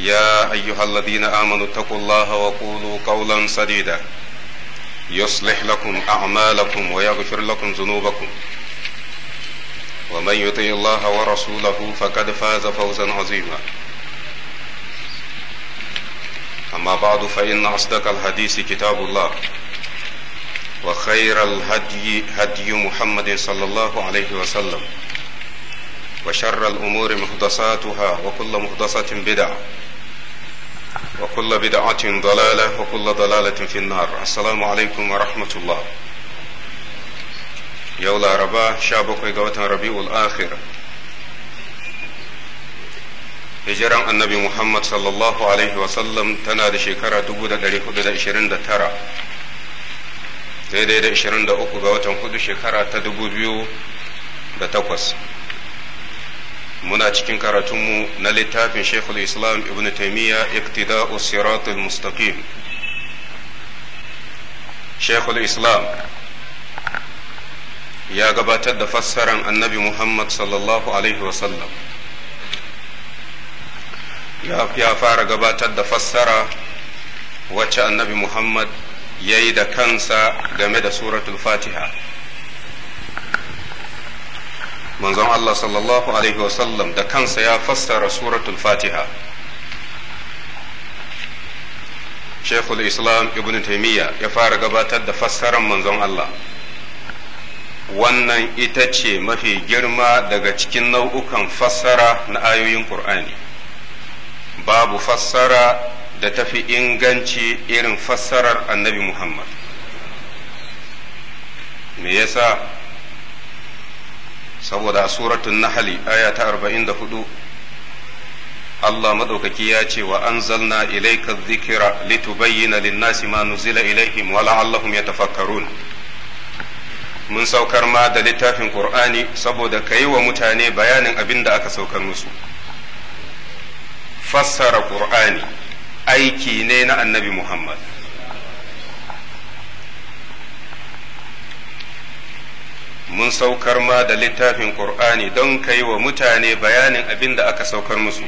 يا ايها الذين امنوا اتقوا الله وقولوا قولا سديدا يصلح لكم اعمالكم ويغفر لكم ذنوبكم ومن يطيع الله ورسوله فقد فاز فوزا عظيما اما بعد فان اصدق الحديث كتاب الله وخير الهدي هدي محمد صلى الله عليه وسلم وشر الامور محدثاتها وكل محدثه بدعه وكل بدعة ضلالة وكل ضلالة في النار السلام عليكم ورحمة الله يولا ربا شابك قوة ربيع الآخرة هجرة النبي محمد صلى الله عليه وسلم تنادى شكرة دبودة دلي خدودة إشرين دا ترى زيدة إشرين دا أكو قوة خدو شكرة تدبودة دا تقوس muna cikin karatunmu na littafin Sheikhul Islam Ibn Taimiyya Iqtida'u Siratul Mustaqim Sheikhul Islam ya gabatar da fassaran annabi Muhammad sallallahu Alaihi wasallam ya fara gabatar da fassara wacce annabi Muhammad ya yi da kansa game da suratul Fatiha. manzon Allah sallallahu da kansa ya fassara suratul fatiha shekul islam ibn taimiyya ya fara gabatar da fassarar manzon Allah wannan ita ce mafi girma daga cikin nau'ukan fassara na ayoyin ƙur'ani babu fassara da ta fi inganci irin fassarar annabi muhammad me yasa saboda a suratun nahali aya ta arba'in da hudu Allah maɗaukaki ya ce wa an zalna ilaika zikira litubayyana linnasi ma nuzila ilaihim wa la'allahum yatafakkarun mun saukar ma da littafin qur'ani saboda ka yi wa mutane bayanin abin da aka saukar musu fassara qur'ani aiki ne na annabi muhammad mun saukar ma da littafin ƙur'ani don ka yi wa mutane bayanin abin da aka saukar musu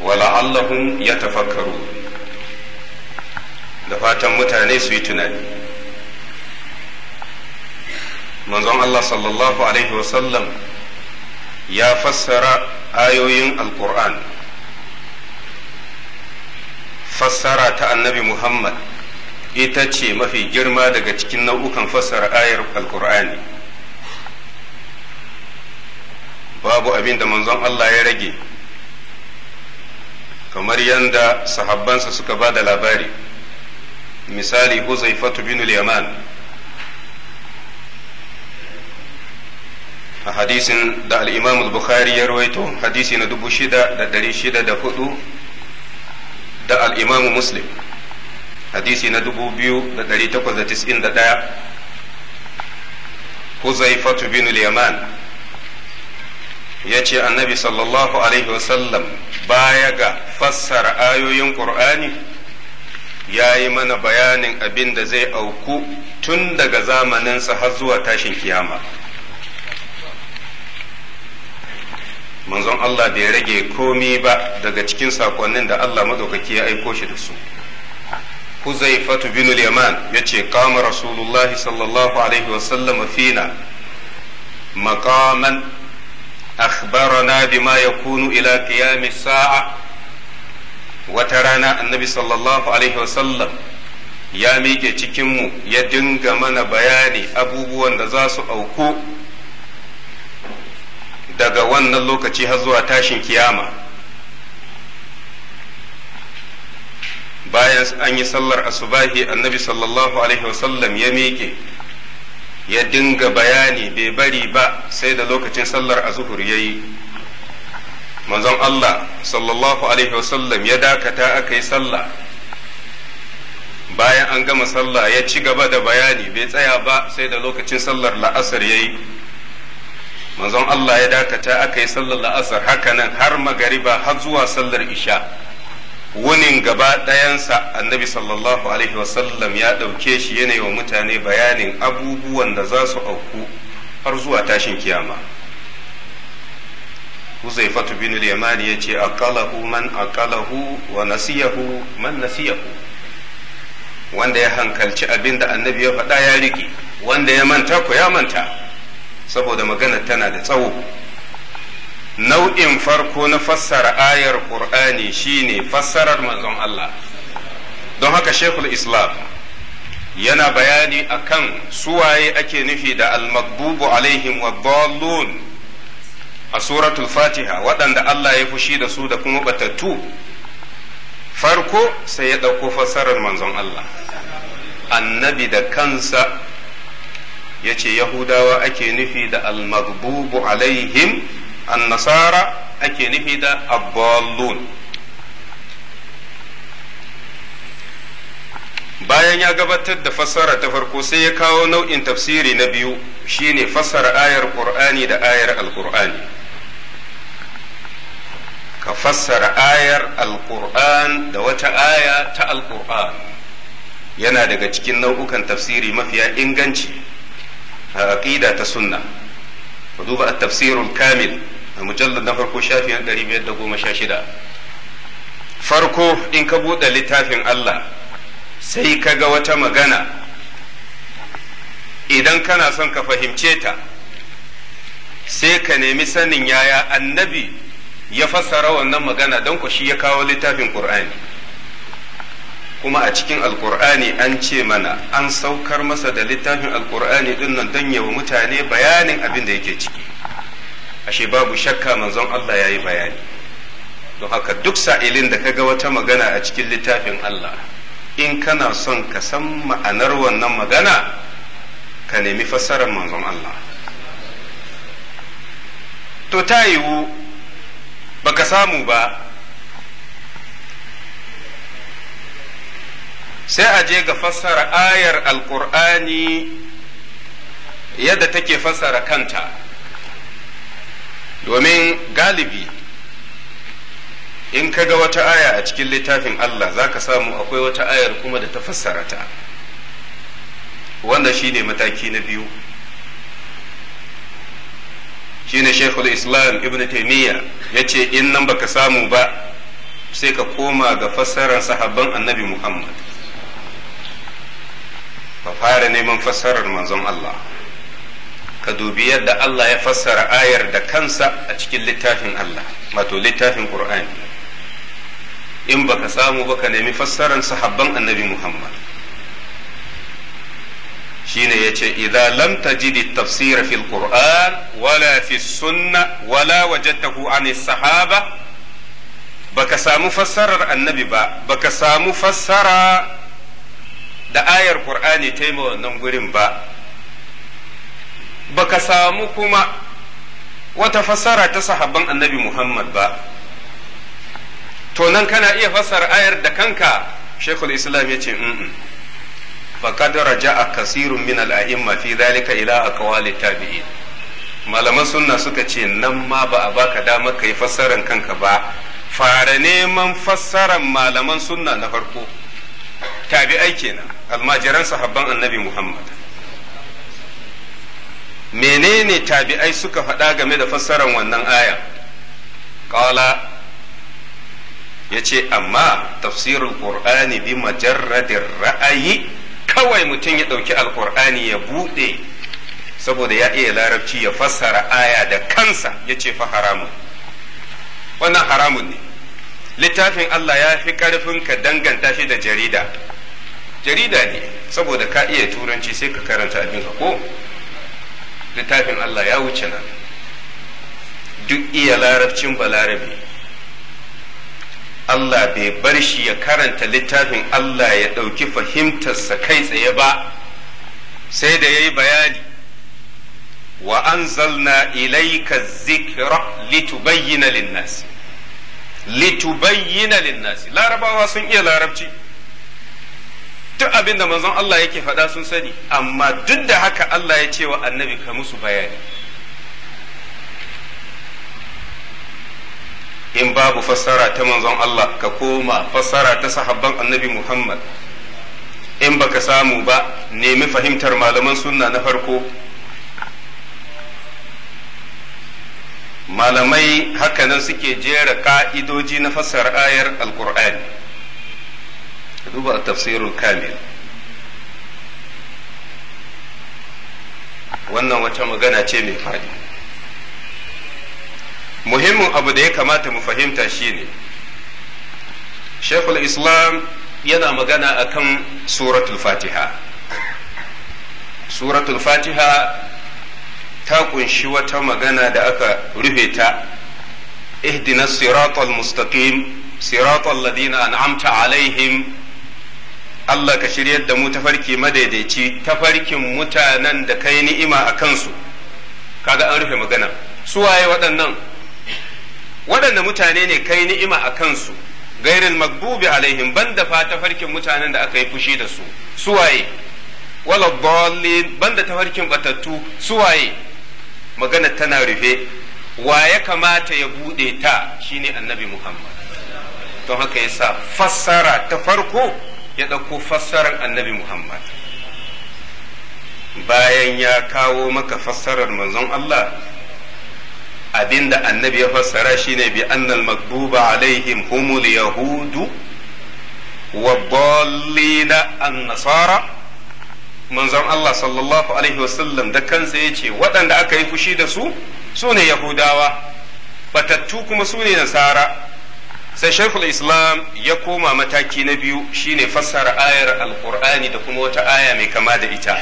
wala'allahum ya tafakkaru da fatan mutane su yi tunani manzon Allah sallallahu Alaihi wasallam ya fassara ayoyin al alƙur'an fassara ta annabi Muhammad ita ce mafi girma daga cikin nau'ukan fassara ayar alkur'ani babu abin da manzon Allah ya rage kamar yadda sahabbansa suka ba da labari misali huzaifatu bin yaman a hadisin da al'imam bukhari ya rawaito hadisi na 6,604 da al'imamu muslim hadisi na 2891 huzaifatu bin yaman ya ce annabi sallallahu alaihi wasallam baya ga fassara ayoyin ƙur'ani ya yi mana bayanin abin da zai auku tun daga zamaninsa har zuwa tashin kiyama manzon Allah bai rage komi ba daga cikin saƙonnin da Allah maɗaukaki ya aiko shi da su huzaifatu bin yaman ya ce kama rasulullahi sallallahu alaihi wasallam fina maqaman akhbarana bima yakunu ila qiyam sa'a wata rana annabi sallallahu alaihi wasallam ya miƙe cikinmu ya dinga mana bayani abubuwan da za su auku daga wannan lokaci har zuwa tashin kiyama bayan an yi sallar asubahi annabi sallallahu alaihi wasallam ya miƙe ya dinga bayani bai bari ba sai da lokacin sallar azuhur ya yi manzon Allah sallallahu alaihi wasallam ya dakata aka yi sallah bayan an gama sallah ya ci gaba da bayani bai tsaya ba sai da lokacin sallar la'asar ya yi manzon Allah ya dakata aka yi sallar la'asar nan har magariba har zuwa sallar isha wunin gaba ɗayansa annabi sallallahu alaihi wasallam ya ɗauke shi yana wa mutane bayanin abubuwan da za su auku har zuwa tashin kiyama fatu bin ya ya ce aqalahu man aqalahu wa nasiyahu man nasiyahu wanda ya hankalci abin da annabi ya faɗa ya rike wanda ya manta ko ya manta saboda magana tana da tsawo nau'in farko na fassara ayar ƙur'ani shine fassarar manzon Allah don haka shekul islam yana bayani akan suwaye ake nufi da almakbubu alaihim wa a suratul fatiha waɗanda Allah ya fushi da su da kuma batattu farko sai ya ɗauko fassarar manzon Allah annabi da kansa ya ce yahudawa ake nufi da almakbubu alaihim annasara ake nufi da abbalun bayan ya gabatar da fassara ta farko sai ya kawo nau'in tafsiri na biyu shine fassara ayar qur'ani da ayar alqur'ani ka fassara ayar alqur'an da wata aya ta alqur'an yana daga cikin nau'ukan tafsiri mafiya inganci a aqida ta sunna ku duba at-tafsirul kamil a mujallar na farko shafiyan shida. farko in ka buɗe littafin Allah sai ka ga wata magana idan kana son ka fahimce ta sai ka nemi sanin yaya annabi ya fassara wannan magana don ku shi ya kawo littafin ƙur'ani kuma a cikin alƙur'ani an ce mana an saukar masa da littafin alƙur'ani ɗin nan don yawa mutane bayanin abin da yake ciki ashe babu shakka manzon Allah ya yi bayani don haka duk sa'ilin da kaga wata magana a cikin littafin Allah in kana son ka san ma'anar wannan magana ka nemi fassarar manzon Allah to ta yiwu baka samu ba sai a je ga fassara ayar alkur'ani yadda take fassara kanta domin galibi in ka ga wata aya a cikin littafin Allah za ka samu akwai wata ayar kuma da ta fassara ta wanda shi ne mataki na biyu shi ne shekul islam ibn taimiyya ya ce in nan baka samu ba sai ka koma ga fassarar sahabban annabi muhammad ka fara neman fassarar manzon Allah ka dubi yadda Allah ya fassara ayar da kansa a cikin littafin Allah wato littafin Qur'ani in baka samu baka nemi fassaran sahabban annabi Muhammad shine yace idza lam tajid tafsira fil qur'an wala fi sunna wala wajadtahu an sahaba baka samu fassarar annabi ba baka samu fassara da ayar qur'ani ta yi wannan gurin ba baka samu kuma wata fassara ta sahabban annabi Muhammad ba to nan kana iya fassara ayar da kanka shekul islam ya ce faqad a kasirun min al-a'imma fi dhalika ila aqwali tabi'in malaman sunna suka ce nan ma ba a baka damar yi fassaran kanka ba fara neman fassaran malaman sunna na farko tabi'ai kenan almajiran sahabban annabi Muhammad menene tabi'ai suka faɗa game da fassarar wannan aya qala yace amma tafsirul qur'ani bi majarradin ra'ayi kawai mutum ya ɗauki alqur'ani ya buɗe saboda ya iya larabci ya fassara aya da kansa yace fa haramun wannan haramun ne littafin Allah ya fi ƙarfin ka danganta shi da jarida jarida ne saboda ka iya turanci sai ka karanta abin ka ko littafin Allah ya wuce nan duk iya larabcin balarabe Allah bai bar shi ya karanta littafin Allah ya ɗauki fahimtarsa kai tsaye ba sai da ya yi bayani wa anzalna ilaika zikra litubayyana linnasi litubayyana linnasi larabawa sun iya larabci duk abin da manzon Allah yake faɗa sun sani amma duk da haka Allah ya ce wa annabi ka musu bayani in babu fassara ta manzon Allah ka koma fassara ta sahabban annabi Muhammad in baka samu ba nemi fahimtar malaman sunna na farko malamai hakanan suke jera ka'idoji na fassara ayar alkur'ani ka duba a tafsirul kamil wannan wata magana ce mai faɗi muhimmin abu da ya kamata mu fahimta shine shekul islam yana magana akan suratul fatiha suratul fatiha ta kunshi wata magana da aka rufe ta ihdina siratal mustaqim siratal ladina an'amta alaihim Allah ka shiryar da mu tafarki madaidaici tafarkin mutanen da kai ni'ima a kansu kaga an rufe magana su waye waɗannan waɗanda mutane ne kai ni'ima a kansu gairin magbubi alaihim da fa tafarkin mutanen da aka yi fushi da su su waye wala ban da tafarkin batattu su waye magana tana rufe wa ya kamata ya bude ta shine annabi Muhammad don haka yasa fassara ta farko ya ɗauko fassarar annabi Muhammad bayan ya kawo maka fassarar manzon Allah abinda annabi ya fassara shine bi annal magduba alaihim humul yahudu wa dallina an-nasara manzon Allah sallallahu alaihi wasallam da kansa yace waɗanda aka yi fushi da su su ne yahudawa batattu kuma su ne nasara sai shaykhul islam ya koma mataki na biyu shine fassara ayar alkur'ani da kuma wata aya mai kama da ita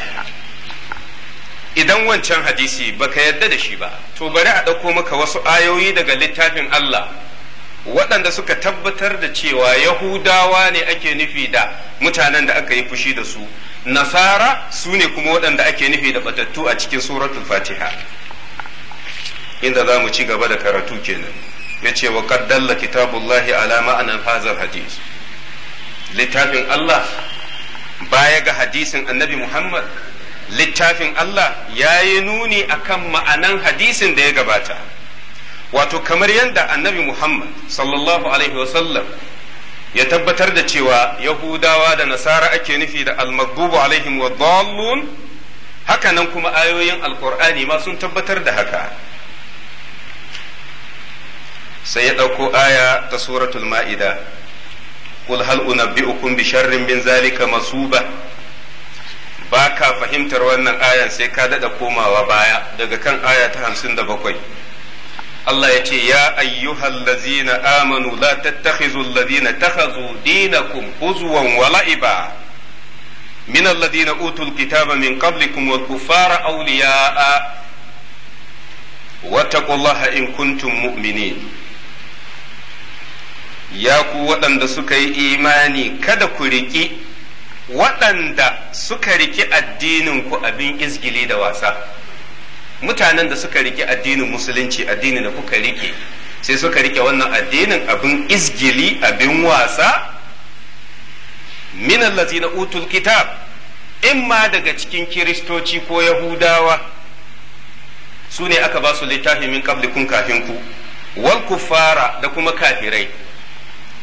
idan wancan hadisi baka yarda da shi ba to bari a ɗauko maka wasu ayoyi daga littafin Allah waɗanda suka tabbatar da cewa yahudawa ne ake nufi da mutanen da aka yi fushi da su nasara su ne kuma waɗanda ake nufi da batattu a cikin suratul fatiha inda za mu ci gaba da karatu kenan yace wa qad kitabullahi ala ma'anan hazar hadis littafin Allah baya ga hadisin annabi Muhammad littafin Allah ya yi nuni akan ma'anan hadisin da ya gabata wato kamar yadda annabi Muhammad sallallahu alaihi wasallam ya tabbatar da cewa yahudawa da nasara ake nufi da almagdubu alaihim wa haka nan kuma ayoyin Alƙur'ani ma sun tabbatar da haka sai ya ɗauko aya ta suratul ma'ida qul hal unabbi'ukum bi sharrin min zalika masuba ba ka fahimtar wannan ayan sai ka daɗa komawa baya daga kan aya ta hamsin da bakwai Allah ya ce ya ayyuhal lazina amanu la tattakhizu allazina takhazu dinakum huzwan wa la'iba min allazina utul kitaba min qablikum wal kuffara awliya'a wattaqullaha in kuntum mu'minin ya ku waɗanda suka yi imani kada ku riƙi waɗanda suka riƙi addinin ku abin izgili da wasa mutanen da suka riƙe addinin musulunci addinin da kuka riƙe sai suka riƙe wannan addinin abin izgili abin wasa min allazina utul kitab imma daga cikin kiristoci ko yahudawa su ne aka ba su littafi min kafin ku wal kuffara da kuma kafirai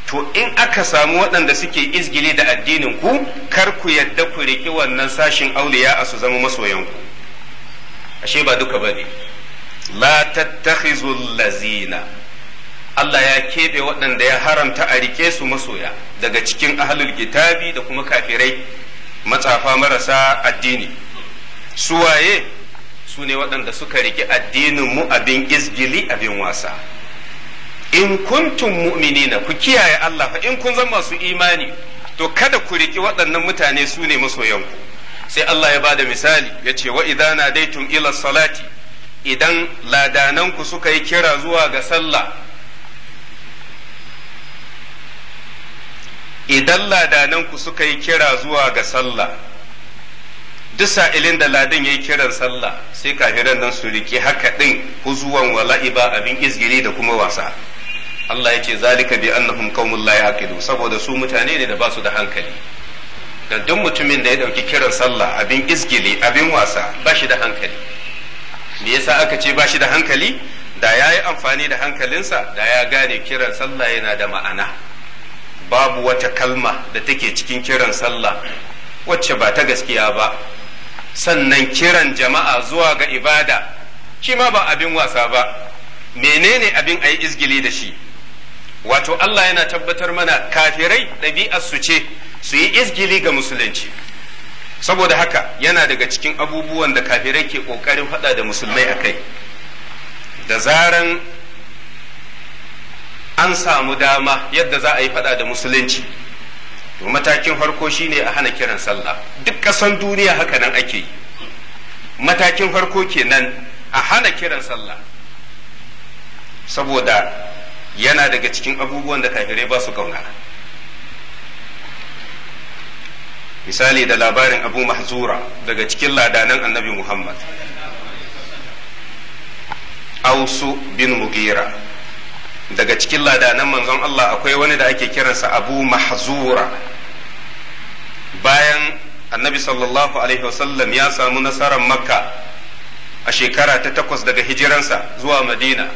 to in aka samu waɗanda suke izgili da addinin ku kar ku yadda ku riƙe wannan sashin auliya a su zama masoyanku ashe ba duka bane la tattakhizu lazina Allah ya keɓe waɗanda ya haramta a rike su masoya daga cikin ahlul kitabi da kuma kafirai matsafa marasa addini Su waye su ne waɗanda suka rike addinin mu abin izgili abin wasa in kuntum mu'minina ku kiyaye Allah fa in kun zama masu imani to kada ku riki waɗannan mutane su ne masoyanku sai Allah ya bada misali ya ce wa idza nadaitum ila salati idan ladananku suka yi kira zuwa ga sallah idan ladananku suka yi kira zuwa ga sallah duk sa'ilin da ladin ya kiran sallah sai kafiran nan su riki haka ɗin huzuwan wala'iba, abin izgiri da kuma wasa Allah ya ce zalika bi annahum qaumul la yaqilu saboda su mutane ne da basu da hankali dan duk mutumin da ya dauki kiran sallah abin isgili abin wasa ba shi da hankali me yasa aka ce ba shi da hankali da ya yi amfani da hankalinsa da ya gane kiran sallah yana da ma'ana babu wata kalma da take cikin kiran sallah wacce ba ta gaskiya ba sannan kiran jama'a zuwa ga ibada shi ma ba abin wasa ba menene abin a yi izgili da shi wato Allah yana tabbatar mana kafirai ɗabi'ar su ce su yi izgili ga musulunci saboda haka yana daga cikin abubuwan da kafirai ke ƙoƙarin faɗa da musulmai a kai da zaran an samu dama yadda za a yi faɗa da musulunci to matakin farko shine a hana kiran sallah duk ƙasan duniya haka nan ake yi matakin farko kenan a hana kiran sallah saboda yana daga cikin abubuwan da kafirai ba su kauna misali da labarin abu mahzura daga cikin ladanan annabi muhammad ausu bin mugira daga cikin ladanan manzon allah akwai wani da ake kiransa abu mahzura bayan annabi sallallahu alaihi wasallam ya samu nasarar makka a shekara ta takwas daga hijiransa zuwa madina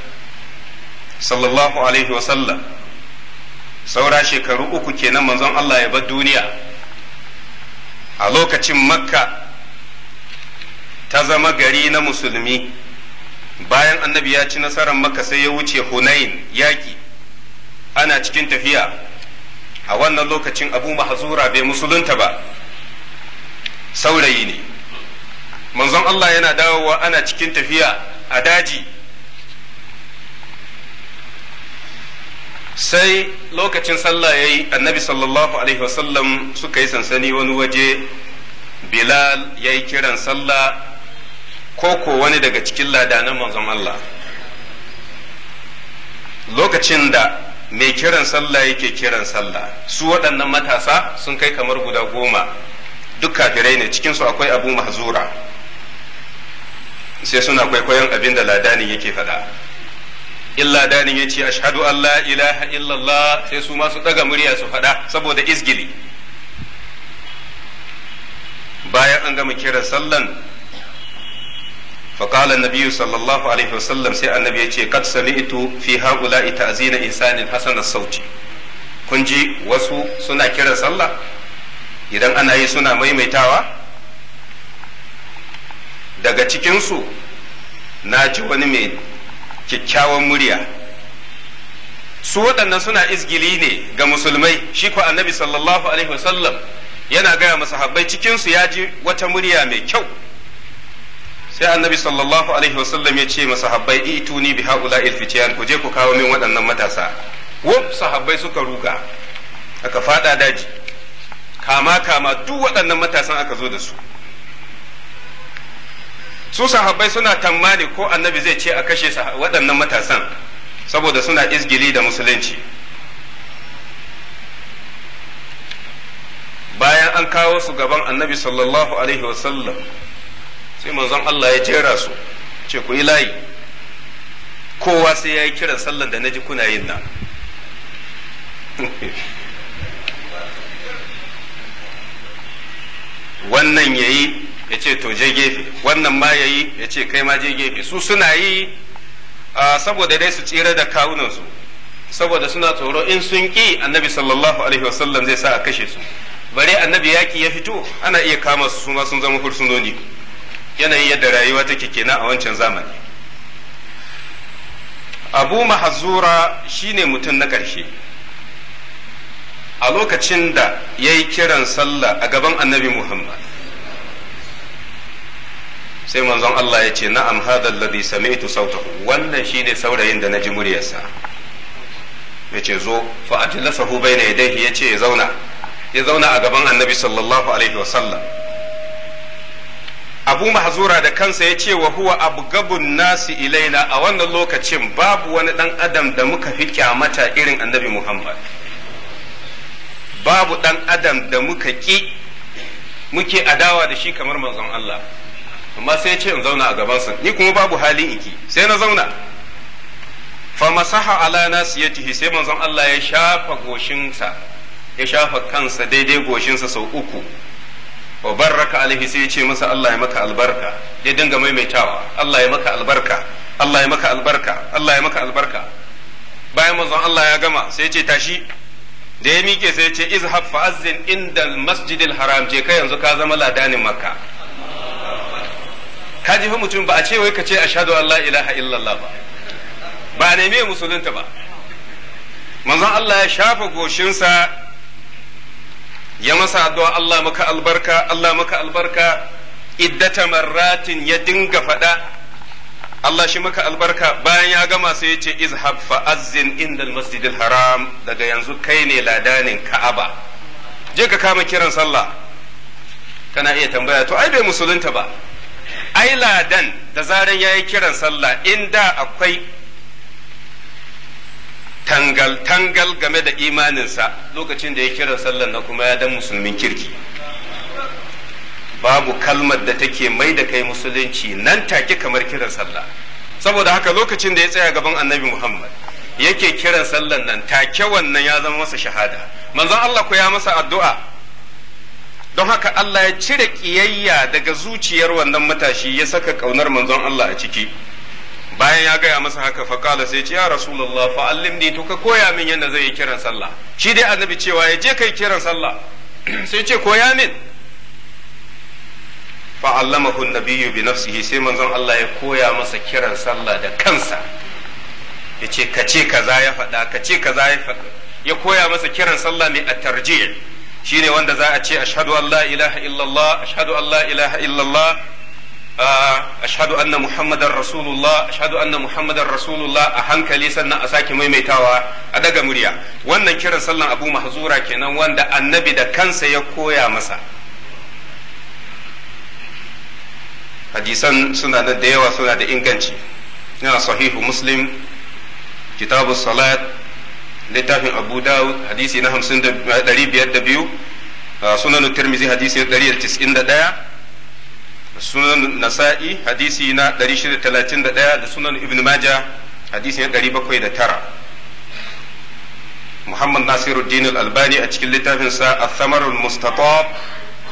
sallallahu alaihi wa saura shekaru uku kenan manzon Allah ya bar duniya a lokacin makka ta zama gari na musulmi bayan annabi ya ci nasarar makka sai ya wuce hunain yaki ana cikin tafiya a wannan lokacin abu mahazura bai musulunta ba saurayi ne manzon Allah yana dawowa ana cikin tafiya a daji sai lokacin sallah ya yi annabi sallallahu alaihi wasallam suka yi sansani wani waje bilal ya yi kiran sallah koko wani daga cikin ladanan manzon Allah lokacin da mai kiran sallah yake kiran sallah su waɗannan matasa sun kai kamar guda goma duk kafirai ne cikinsu akwai abu mahzura sai suna kwaikwayon abin da ladanin yake faɗa. in ladanin ya ce ashhadu an la ilaha illallah sai su masu daga murya su faɗa saboda izgili bayan an gama kiran sallan فقال النبي صلى الله عليه وسلم سي النبي يجي قد سمعت في هؤلاء تأذين إنسان حسن الصوت kunji wasu suna kiran sallah idan ana yi suna maimaitawa daga cikinsu na ji wani mai kyakkyawan murya su waɗannan suna izgili ne ga musulmai shi ko annabi sallallahu alaihi wasallam yana gaya masahabbai cikinsu ya ji wata murya mai kyau sai annabi sallallahu alaihi wasallam ya ce masahabbai tuni bi haula ilfitiyan ku je ku kawo min waɗannan matasa wuf sahabbai suka ruga aka fada daji kama kama duk waɗannan matasan aka zo da su su sahabbai suna tammani ko annabi zai ce a kashe waɗannan matasan saboda suna izgili da musulunci bayan an kawo su gaban annabi sallallahu alaihi wasallam sai manzon Allah ya jera su ce ku yi layi kowa sai ya yi kiran sallan da na ji kuna yin nan wannan ya yi ya ce to je gefe wannan ma ya yi ya ce kai ma je gefe su suna yi saboda dai su tsira da kawunansu saboda suna tsoro in sun ki annabi sallallahu alaihi wasallam zai sa a kashe su bare annabi yaki ya fito ana iya kama su suma sun zama fursunoni yanayin yadda rayuwa take kenan a wancan zamani abu mahazura shine mutum na ƙarshe a lokacin da ya yi kiran sallah a gaban annabi muhammad sai manzon Allah ya ce na'am hadha alladhi sami'tu sautahu wannan shine saurayin da naji muryarsa yace zo fa ajlasahu bayna yadayhi yace ya zauna ya zauna a gaban annabi sallallahu alaihi wa sallam abu mahzura da kansa ya ce wa huwa abgabun nasi ilaina a wannan lokacin babu wani dan adam da muka fi kyamata irin annabi muhammad babu dan adam da muka ki muke adawa da shi kamar manzon Allah amma sai ce in zauna a gabansa ni kuma babu halin iki sai na zauna fa masaha ala nasiyatihi sai manzon Allah ya shafa goshinsa ya shafa kansa daidai goshinsa sau uku wa baraka alaihi sai ya ce masa Allah ya maka albarka ya dinga maimaitawa Allah ya maka albarka Allah ya maka albarka Allah ya maka albarka bayan manzon Allah ya gama sai ya ce tashi da ya mike sai ya ce izhab fa azzin inda masjidil haram je kai yanzu ka zama ladanin makka ka ji fa mutum ba a ce wai ka ce ashadu Allah la ilaha illallah ba ba a nemi musulunta ba manzon Allah ya shafa goshinsa ya masa addu'a Allah maka albarka Allah maka albarka iddata marratin ya dinga faɗa Allah shi maka albarka bayan ya gama sai ya ce izhab fa azzin indal masjidil haram daga yanzu kai ne ladanin ka'aba je ka kama kiran sallah kana iya tambaya to ai bai musulunta ba ai ladan da zaran ya yi kiran sallah in da akwai tangal-tangal game da imaninsa lokacin da ya kira sallah na kuma ya dan musulmin kirki babu kalmar da take mai da kai musulunci nan take kamar kiran sallah saboda haka lokacin da ya tsaya gaban annabi muhammad yake kiran sallar nan take wannan ya zama masa shahada manzon allah ko ya masa addu'a don haka Allah ya cire ƙiyayya daga zuciyar wannan matashi ya saka ƙaunar manzon Allah a ciki bayan ya gaya masa haka faƙala sai ce ya rasulullah fa allimni to ka koya min yadda zai yi kiran sallah shi dai annabi cewa ya je kai kiran sallah sai ce koya min fa allamahu nabiyyu bi nafsihi sai manzon Allah ya koya masa kiran sallah da kansa ya ce ka ce kaza ya faɗa ka ce kaza ya faɗa ya koya masa kiran sallah mai at Shi ne wanda za a ce ashhadu an la ilaha illallah ashhadu allah la ilaha illallah ashhadu anna muhammadar rasulullah ashhadu anna muhammadar rasulullah a hankali sannan a sake maimaitawa a daga murya wannan kiran sallan abu mahzura kenan wanda annabi da kansa ya koya masa hadisan suna da yawa suna da inganci yana sahihu muslim kitabu salat littafin abu dawud hadisi na hamsin da ɗari biyar da biyu sunan turmizi hadisi na ɗari da tis'in da ɗaya sunan nasa'i hadisi na ɗari shida talatin da ɗaya da sunan ibn maja hadisi na ɗari bakwai da tara muhammad nasiruddin al-albani a cikin littafin sa a thamarul mustatab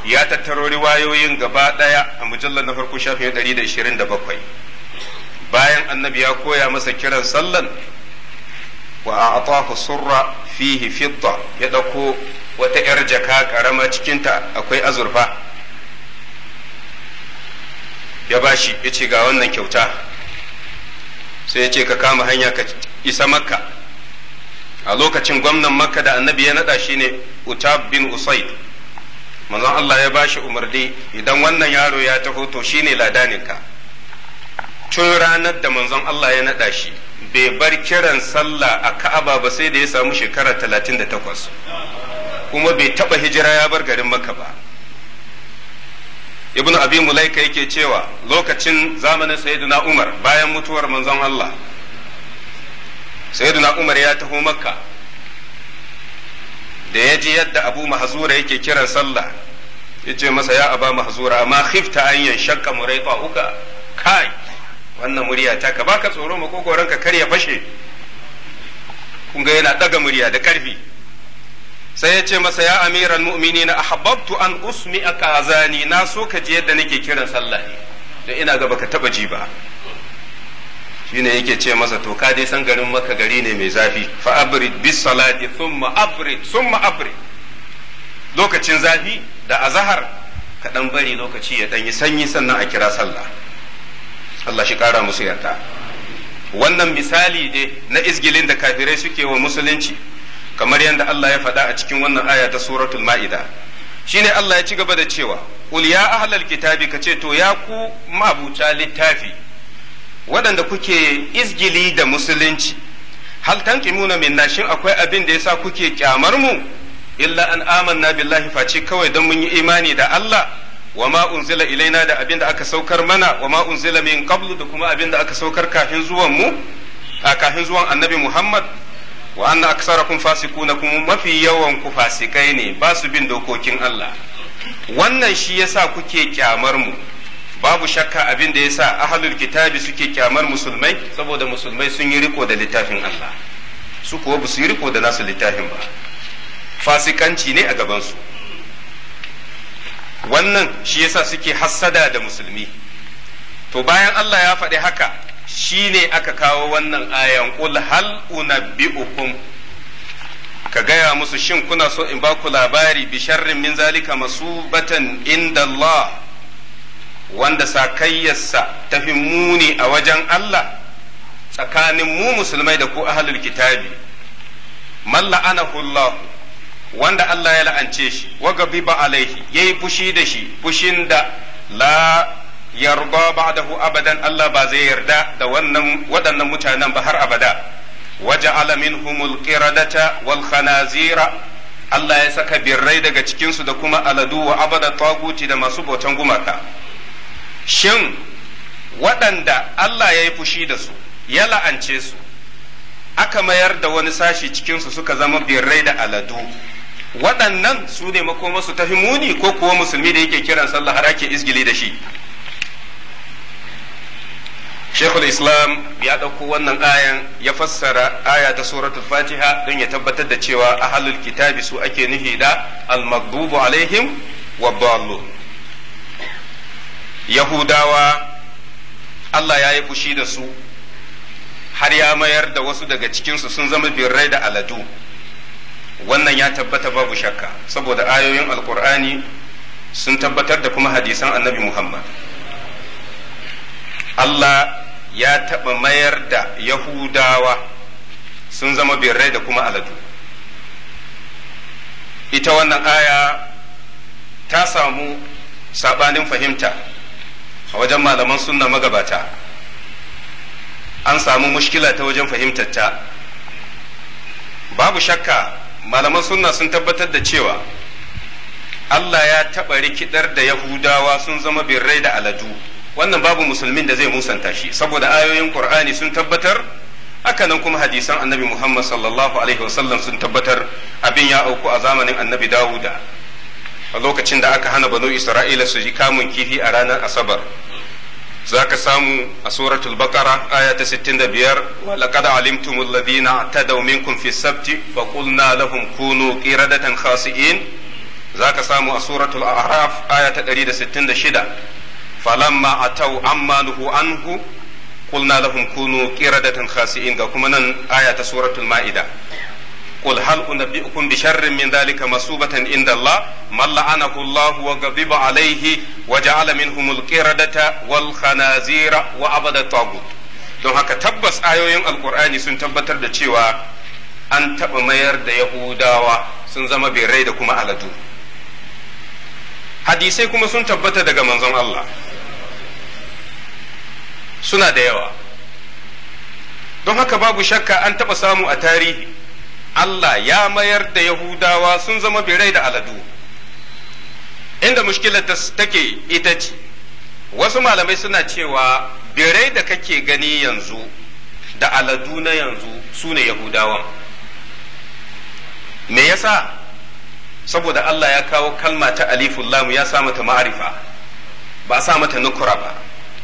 ya tattaro riwayoyin gaba ɗaya a mujallar na farko shafin da da ishirin bakwai bayan annabi ya koya masa kiran sallan wa a'tahu surra fihi fidda ya dauko wata yar jaka karama cikinta akwai azurfa ya bashi ya ce ga wannan kyauta sai ya ce ka kama hanya ka isa makka a lokacin gwamnan makka da annabi ya nada shi ne utab bin usaid manzon Allah ya bashi umarni idan wannan yaro ya taho to shine ladaninka tun ranar da manzon Allah ya nada shi bai bar kiran sallah a ka'aba ba sai da ya samu shekara 38 kuma bai taba hijira ya bar garin maka ba ibn abi mulaika yake cewa lokacin zamanin sayyidina umar bayan mutuwar manzon allah sayyidina umar ya taho makka da ya ji yadda abu mahzura yake kiran sallah ya ce masa ya aba mahzura amma khifta an yanshakka muraifa uka kai wannan murya ta ka baka tsoro makogoranka ka karya fashe kun ga yana daga murya da karfi sai ya ce masa ya amiran na ahabbabtu an usmi a kazani na so ka ji yadda nake kiran sallah don ina ga baka taba ji ba ne yake ce masa to ka dai san garin maka gari ne mai zafi fa abrid bis salati thumma abrid thumma abrid lokacin zafi da azahar ka dan bari lokaci ya dan yi sanyi sannan a kira sallah Allah shi kara musu yarda wannan misali ne na izgilin da kafirai suke wa musulunci kamar yadda Allah ya faɗa a cikin wannan aya ta suratul ma'ida shine Allah ya ci gaba da cewa qul ya ahlal kitabi kace to ya ku mabuta littafi waɗanda kuke izgili da musulunci hal tanqimuna minna shin akwai abin da yasa kuke kyamar mu illa an amanna billahi face kawai dan mun yi imani da Allah wa unzila ilaina da abin da aka saukar mana wa ma unzila min qablu da kuma abin da aka saukar kafin zuwan mu a kafin zuwan annabi Muhammad wa anna aksarakum fasikuna kuma mafi yawan ku fasikai ne ba su bin dokokin Allah wannan shi yasa kuke kyamar mu babu shakka abin da yasa ahlul kitabi suke kyamar musulmai saboda musulmai sun yi riko da littafin Allah su kuwa ba su yi riko da nasu littafin ba fasikanci ne a gabansu wannan shi yasa suke hassada da musulmi to bayan Allah ya faɗi haka shi ne aka kawo wannan ayan qul hal unabbi'ukum ka gaya musu shin kuna so in ba ku labari bi sharrin min zalika masubatan inda Allah wanda sakayyarsa tafi muni a wajen Allah tsakanin mu musulmai da ku ahlul kitabi man la'anahu Allah wanda Allah ya la'ance shi wa laifi alaihi yayi fushi da shi fushin da la yarda ba'dahu abadan Allah ba zai yarda da wannan waɗannan mutanen ba har abada waja'ala minhumul qiradata wal khanazira Allah ya saka birrai daga cikinsu da kuma aladu wa abada taguti da masu botan gumaka shin waɗanda Allah ya yi fushi da su ya la'ance su aka mayar da wani sashi cikinsu suka zama birrai da aladu waɗannan su ne makomarsu ta muni ko kuwa musulmi da yake kiran sallah har ake izgili da shi shekul islam ya ɗauko wannan ayan ya fassara aya ta suratul fatiha don ya tabbatar da cewa ahalul kitabi su ake nufi da almagdubu alaihim wa yahudawa allah ya yi fushi da su har ya mayar da wasu daga cikinsu sun zama birrai da aladu wannan ya tabbata babu shakka saboda ayoyin alkur'ani sun tabbatar da kuma hadisan annabi muhammad allah ya taɓa mayar da yahudawa sun zama birrai da kuma aladu ita wannan aya ta samu saɓanin fahimta a wajen malaman sunna magabata an samu mushkila ta wajen fahimtar ta babu shakka malaman sunna sun tabbatar da cewa Allah ya taɓa rikidar da Yahudawa sun zama birrai da aladu wannan babu musulmin da zai musanta shi saboda ayoyin Qur'ani sun tabbatar hakanan kuma hadisan annabi Muhammad sallallahu alaihi wasallam sun tabbatar abin ya auku a zamanin annabi Dawuda a lokacin da aka hana banu Isra'ila su ji kamun kifi a ranar Asabar zaka samu a suratul baqara aya ta 65 walaqad alimtum alladhina tadaw minkum fi sabti fa qulna lahum kunu qiradatan khasi'in zaka samu a suratul a'raf aya ta 166 falamma atau amma nuhu anhu qulna lahum kunu qiradatan khasi'in ga kuma nan ayata suratul ma'ida قل هل أنبئكم بشر من ذلك مصوبة عند الله من لعنه الله وغضب عليه وجعل منهم القردة والخنازير وعبد الطاغوت don haka tabbas ayoyin alkur'ani sun tabbatar da cewa an taɓa mayar da yahudawa sun zama birai da kuma aladu hadisai kuma sun tabbata daga manzon Allah suna da yawa don haka babu shakka an taɓa samu a tarihi Allah ya mayar da Yahudawa sun zama birai da aladu inda mushkilar take ita ce wasu malamai suna cewa birai da kake gani yanzu da aladu na yanzu su ne Yahudawan me yasa saboda Allah ya kawo kalma ta aliful ya sa mata ma'arifa ba sa mata nukura ba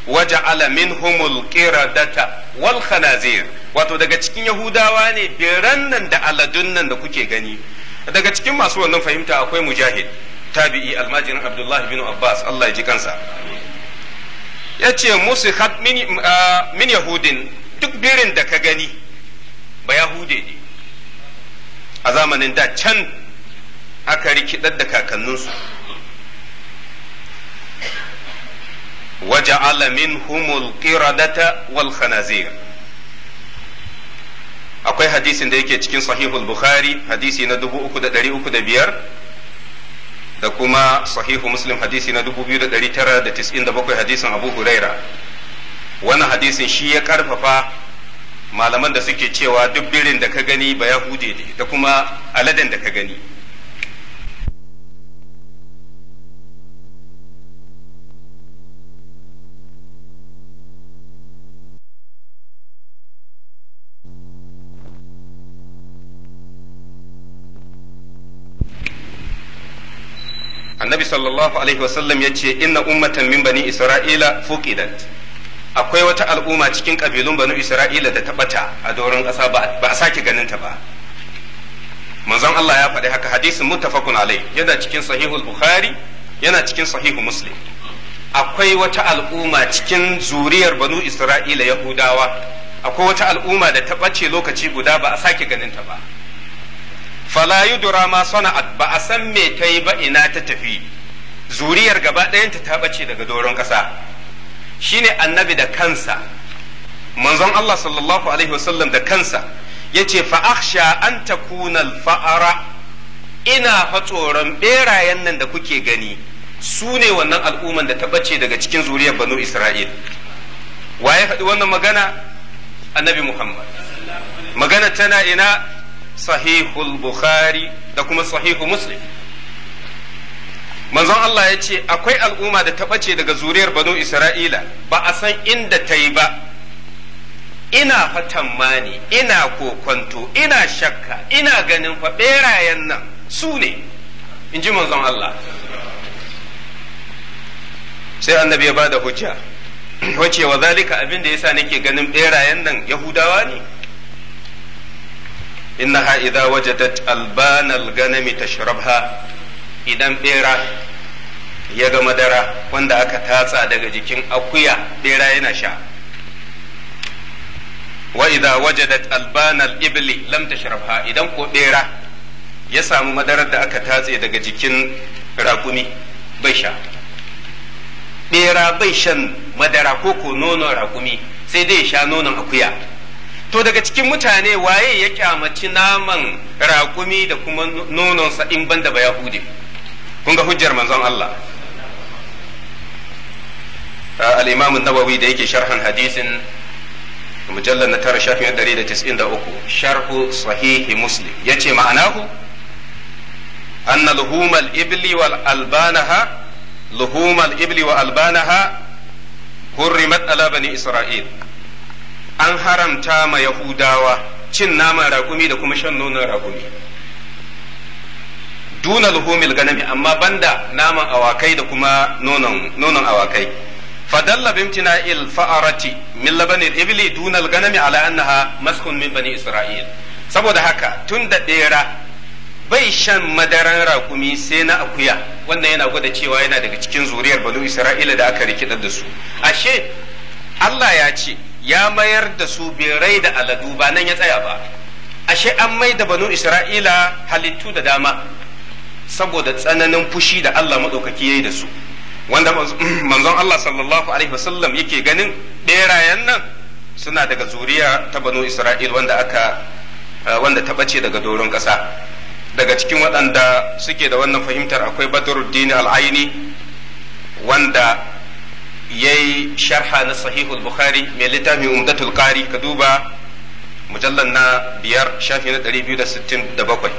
waja'ala minhumul qiradata wal khanazir wato daga cikin yahudawa ne biran da aladun nan da kuke gani daga cikin masu wannan fahimta akwai mujahid tabi'i almajirin abdullahi bin abbas Allah ya ji kansa ya ce musu ah, min yahudin duk birin da ka gani ba yahude ne a zamanin da can aka rikidar da kakanninsu وجعل منهم القردة والخنازير akwai hadisin da yake cikin sahihul bukhari hadisi na 3,305 da kuma sahihu muslim hadisi na 2,997 hadisin abu huraira wannan hadisin shi ya karfafa malaman da suke cewa duk birin da ka gani ba yahude ne da kuma aladen da ka gani annabi sallallahu alaihi wasallam ya ce inna ummatan min bani isra'ila fuqidat akwai wata al'umma cikin kabilun bani isra'ila da ta bata a doron ƙasa ba a sake ganin ta ba manzon Allah ya faɗi haka hadisin muttafaqun alai yana cikin sahihul bukhari yana cikin sahihu muslim akwai wata al'umma cikin zuriyar banu isra'ila yahudawa akwai wata al'umma da ta ɓace lokaci guda ba a sake ganin ta ba fala yudra ma sana'at ba a san me ta yi ba ina ta tafi zuriyar gaba ɗayanta ta bace daga doron ƙasa shine annabi da kansa manzon Allah sallallahu alaihi wasallam da kansa yace fa akhsha an takuna al-fa'ara ina fa tsoron berayen nan da kuke gani su ne wannan al'umman da ta bace daga cikin zuriyar banu Isra'il waye faɗi wannan magana annabi Muhammad magana tana ina sahihul bukhari da kuma sahihu muslim manzon Allah ya ce akwai al'umma da ta bace daga zuriyar banu isra'ila ba a san inda ta yi ba ina fatan mani ina kokonto ina shakka ina ganin fa berayen nan su ne in ji manzon Allah sai annabi ya ba da hujja wace wa zalika abin da yasa nake ganin berayen nan yahudawa ne innaha idza wajadat albanal ganami tashrabha idan bera ya ga madara wanda aka tatsa daga jikin akuya bera yana sha wa idza wajadat albanal ibli lam tashrabha idan ko bera ya sami madarar da aka tatse daga jikin raƙumi bai sha Ɓera bai shan madara ko ko nonon raƙumi sai dai ya sha nonon akuya to daga cikin mutane waye ya kyamaci naman raƙumi da kuma nononsa in ban da yahudi kun ga hujjar manzon Allah ah, al-imam nawawi da yake sharhan hadisin mujallar na tara shafin 193 sharhu sahihi muslim yace ma'anahu anna luhumal ibli wal albanaha luhumal ibli wa albanaha hurrimat ala bani isra'il an haramta ma yahudawa cin naman raƙumi da kuma shan nonon raƙumi duna luhumil ganami amma banda naman awakai da kuma nonon awakai fadalla bimtina il fa'arati min labanil ibli duna ganami ala annaha maskun min bani isra'il saboda haka tun da ɗera bai shan madaran raƙumi sai na akuya wannan yana gwada cewa yana daga cikin zuriyar banu isra'ila da aka rikidar da su ashe Allah ya ce ya mayar da su berai da aladu ba nan ya tsaya ba ashe an mai da banu isra'ila halittu da dama saboda tsananin fushi da Allah maɗaukaki ya yi da su wanda manzon Allah sallallahu alaihi wasallam yake ganin berayen nan suna daga zuriya ta banu isra'il wanda aka eh, wanda ta bace daga doron ƙasa daga cikin waɗanda suke da wannan fahimtar akwai badruddin al'aini wanda yayi sharha na sahihul bukhari mai littafin umdatul qari ka duba mujallar na biyar shafi na da bakwai.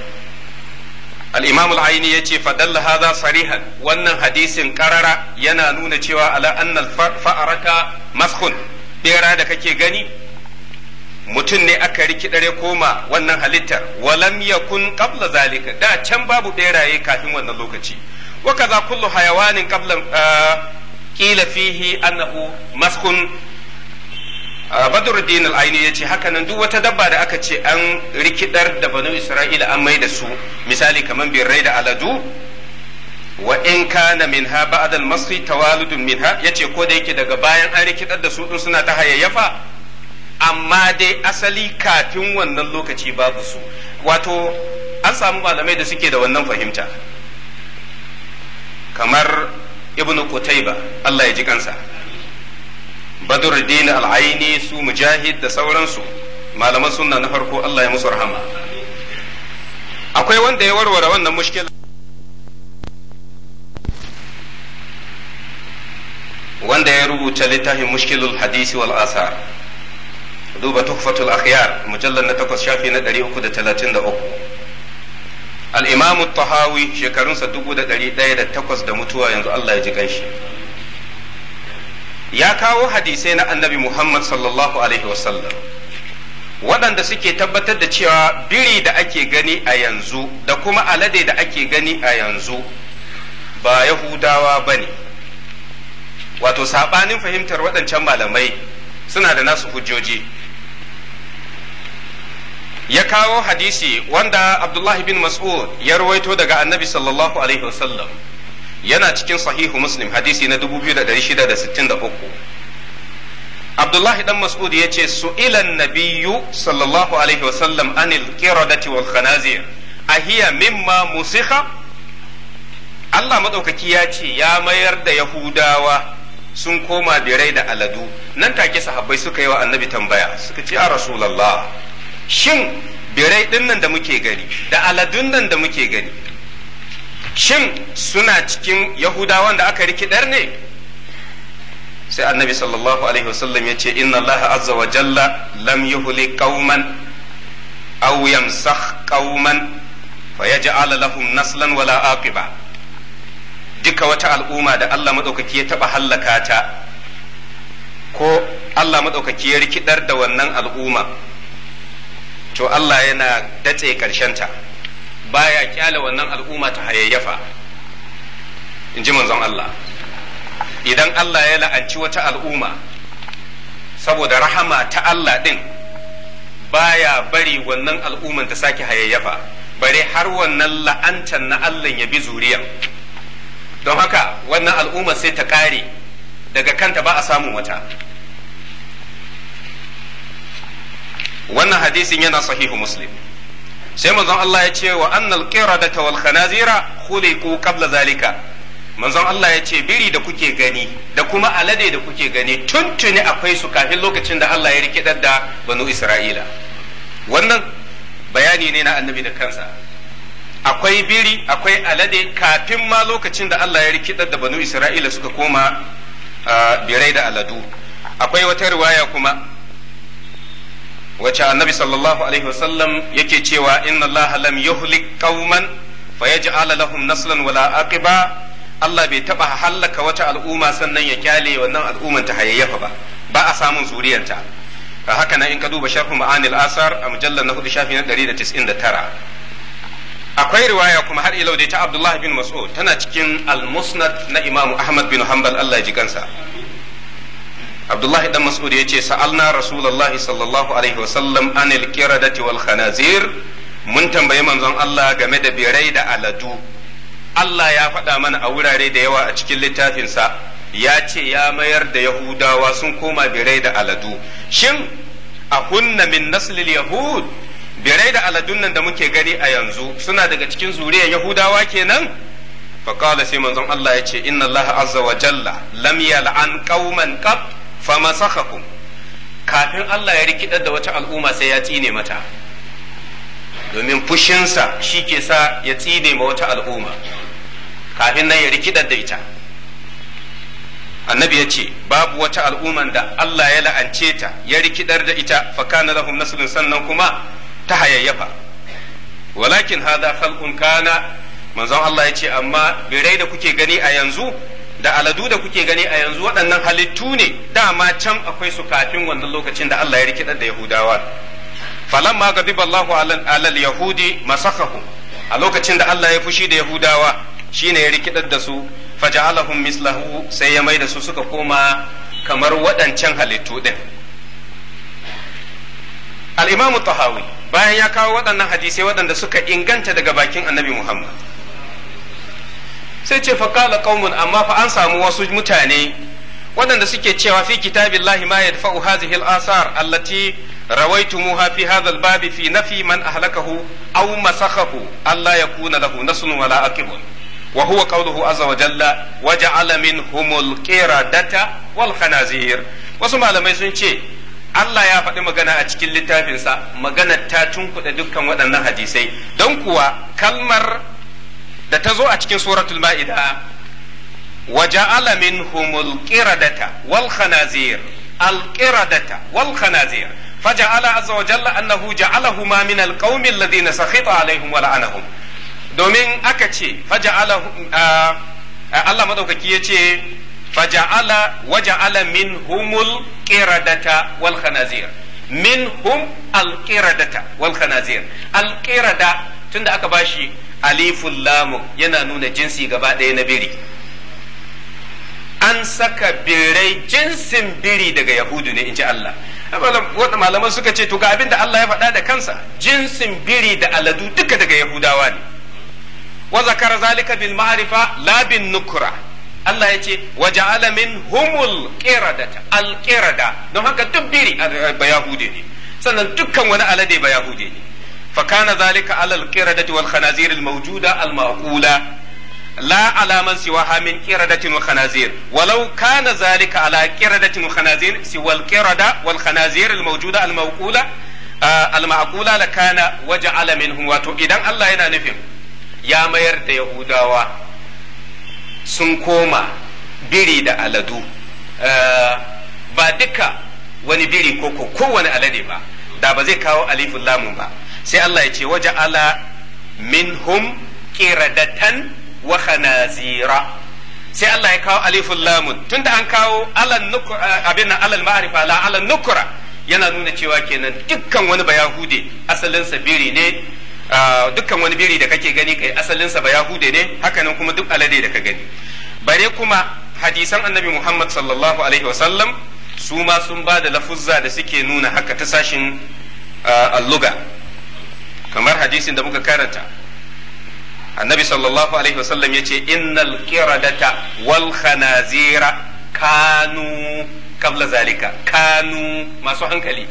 imam al-aini yace fadalla hadha sarihan wannan hadisin karara yana nuna cewa ala anna fa'arata bera da kake gani mutum ne aka rikidare koma wannan halittar walam yakun qabla zalika da can babu beraye kafin wannan lokaci wa kaza kullu hayawanin qabla eh, qila fihi annahu maskun ah, badruddin al-aini yace haka nan duk wata dabba da aka ce an rikidar da banu isra'ila an mai da su misali kamar birrai da aladu wa'inka na minha ba'd al-masri tawaludun minha yace ko da yake daga bayan an rikidar da su din suna ta hayayyafa amma dai asali kafin wannan lokaci babu su wato an samu malamai da suke da wannan fahimta kamar ibnu qutayba Allah ya ji kansa badruddin al-aini su mujahid da sauransu malaman sunna na farko Allah ya musu rahama akwai wanda ya warware wannan mushkila wanda ya rubuta littafin mushkilul hadisi wal asar duba tuhfatul akhyar mujallal na takwas shafi na 333 al-imamu tahawi shekarunsa dubu da ɗari ɗaya da takwas da mutuwa yanzu Allah ya ji kanshi ya kawo hadisai na annabi Muhammad sallallahu alaihi wasallam waɗanda suke tabbatar da cewa biri da ake gani a yanzu da kuma alade da ake gani a yanzu ba yahudawa ba ne wato saɓanin fahimtar waɗancan malamai suna da nasu hujjoji ya kawo hadisi wanda abdullahi bin mas'ud ya rawaito daga annabi sallallahu alaihi wasallam yana cikin sahihu muslim hadisi na 2663 abdullahi dan mas'ud ya ce su'ilan nabiyyu sallallahu alaihi wasallam anil qiradati wal khanazir ahiya mimma musikha Allah madaukaki ya ce ya mayar da yahudawa sun koma birai da aladu nan take sahabbai suka yi wa annabi tambaya suka ce ya rasulullah shin birai dinnan da muke gani da aladun nan da muke gani shin suna cikin yahudawan da aka rikidar ne sai annabi sallallahu alaihi wasallam ya ce inna Allah azza wa jalla lam yuhli qauman aw yamsakh qauman fayaj'al lahum naslan wala aqiba duka wata al'umma da Allah madaukaki ya taba hallaka ta ko Allah madaukaki ya da wannan al'umma to Allah yana datse ta baya kyale wannan al'umma ta hayayyafa in ji manzon Allah idan Allah ya la'anci wata al'umma saboda rahama ta Allah ɗin baya bari wannan al'umman ta sake hayayyafa bare har wannan la'antan na Allah ya bi zuriya don haka wannan al'umma sai ta ƙare daga kanta ba a samun wata wannan hadisin yana sahihu muslim sai manzon Allah ya ce wa annal qiradata wal khanazira khuliqu qabla zalika manzon Allah ya ce biri da kuke gani da kuma alade da kuke gani tuntuni akwai su kafin lokacin da Allah ya rikidar da banu Isra'ila wannan bayani ne na annabi da kansa akwai biri akwai alade kafin ma lokacin da Allah ya rikidar da banu Isra'ila suka koma ah, birai da aladu akwai wata riwaya kuma wacce annabi sallallahu alaihi wasallam yake cewa inna Allah lam yuhlik qauman fayaj'al lahum naslan wala aqiba Allah bai taba hallaka wata al'umma sannan ya kyale wannan al'umman ta hayayyafa ba ba a samun zuriyanta haka nan in ka duba sharhu ma'anil asar a mujallar na hudu shafi na 199 akwai riwaya kuma har ilau dai ta Abdullah bin Mas'ud tana cikin al-Musnad na Imam Ahmad bin Hanbal Allah ya ji kansa abdullahi dan mas'ud ya ce sa'alna rasulullahi sallallahu alaihi sallam anil qiradati wal khanazir mun tambayi manzon Allah game da birai da aladu Allah ya faɗa mana a wurare da yawa a cikin littafinsa ya ce ya mayar da yahudawa sun koma birai da aladu shin a hunna min naslil yahud birai da aladun nan da muke gani a yanzu suna daga cikin zuriyar yahudawa kenan faqala sai manzon Allah ya ce inna Allah azza wa jalla lam yal'an qauman qat famasakakum kafin Allah ya rikidar da wata al'umma sai ya tsine mata domin fushinsa shi ke sa ya tsine ma wata al'umma kafin nan ya rikidar da ita annabi ya ce babu wata al'umman da Allah ya la'ance ta ya rikidar da ita fakana lahum naslun sannan kuma ta hayayyafa walakin hadha khalqun kana manzon Allah ya ce amma birai da kuke gani a yanzu da aladu da kuke gani a yanzu waɗannan halittu ne dama can akwai su kafin wannan lokacin da Allah ya rikidar da Yahudawa falamma gadiba Allahu alal yahudi masakahu a lokacin da Allah ya fushi da Yahudawa shine ya rikidar da su faja'alahum mislahu sai ya mai da su suka koma kamar waɗancan halittu din al-imamu tahawi bayan ya kawo waɗannan hadisai waɗanda suka inganta daga bakin annabi Muhammad sai ce fa kala qaumun amma fa an samu wasu mutane waɗanda suke cewa fi kitabillahi ma yadfa'u hadhihi al-asar allati rawaitumuha fi hadha al-bab fi nafi man ahlakahu aw masakhahu alla yakuna lahu nasun wala aqibun wa huwa qawluhu azza wa jalla waja'ala minhumul qiradata wal khanazir wasu malamai sun ce Allah ya faɗi magana a cikin littafinsa magana ta tunkuɗe dukkan waɗannan hadisai don kuwa kalmar da ta zo a cikin suratul ma'ida wa ja'ala minhumul qiradata wal khanazir al qiradata wal khanazir فجعل عز وجل أنه جعلهما من القوم الذين سخط عليهم ولعنهم domin aka ce faja'ala ah, ah, Allah madaukaki ya ce faja'ala waja'ala min humul qiradata wal khanazir min hum al qiradata wal khanazir al qirada tunda aka bashi alifun Lamu yana nuna jinsi gaba ɗaya na biri an saka birai jinsin biri daga yahudu ne in ji Allah wadda malaman suka ce to ga abin da Allah ya faɗa da kansa jinsin biri da aladu duka daga yahudawa ne wa zakara zalika bil ma'rifa la bin nukra Allah ya ce wa ja'ala min humul qiradata al qirada don haka duk biri eh, ba yahude ne sannan dukkan wani alade ba yahude ne fa kana zalika alal qiradati wal khanazir al mawjuda al la ala man siwaha min qiradatin wa khanazir walau kana zalika ala qiradatin wa khanazir siwa al qirada wal khanazir al mawjuda al ma'qula al la kana waja'ala minhum wato idan Allah yana nufin ya mayar da yahudawa sun koma biri da aladu ba duka wani biri ko alade ba da ba zai kawo alifin lamun ba sai Allah ya ce waje ala minhum qiradatan wa khanazira sai Allah ya kawo alifun lamun tunda an kawo alan abin nan alal ma'arifa la alan nukura yana nuna cewa kenan dukkan wani bayahude asalinsa biri ne ah, dukkan wani biri da kake gani kai asalinsa bayahude ne hakanan kuma duk alade da ka gani bare kuma hadisan annabi Muhammad sallallahu alaihi wasallam su ma sun ba da lafuzza da suke nuna haka ta sashin ah, alluga kamar hadisin da muka karanta annabi sallallahu alaihi wasallam ya ce innal kiradata wal khanazira kanu kabla zalika kanu masu hankali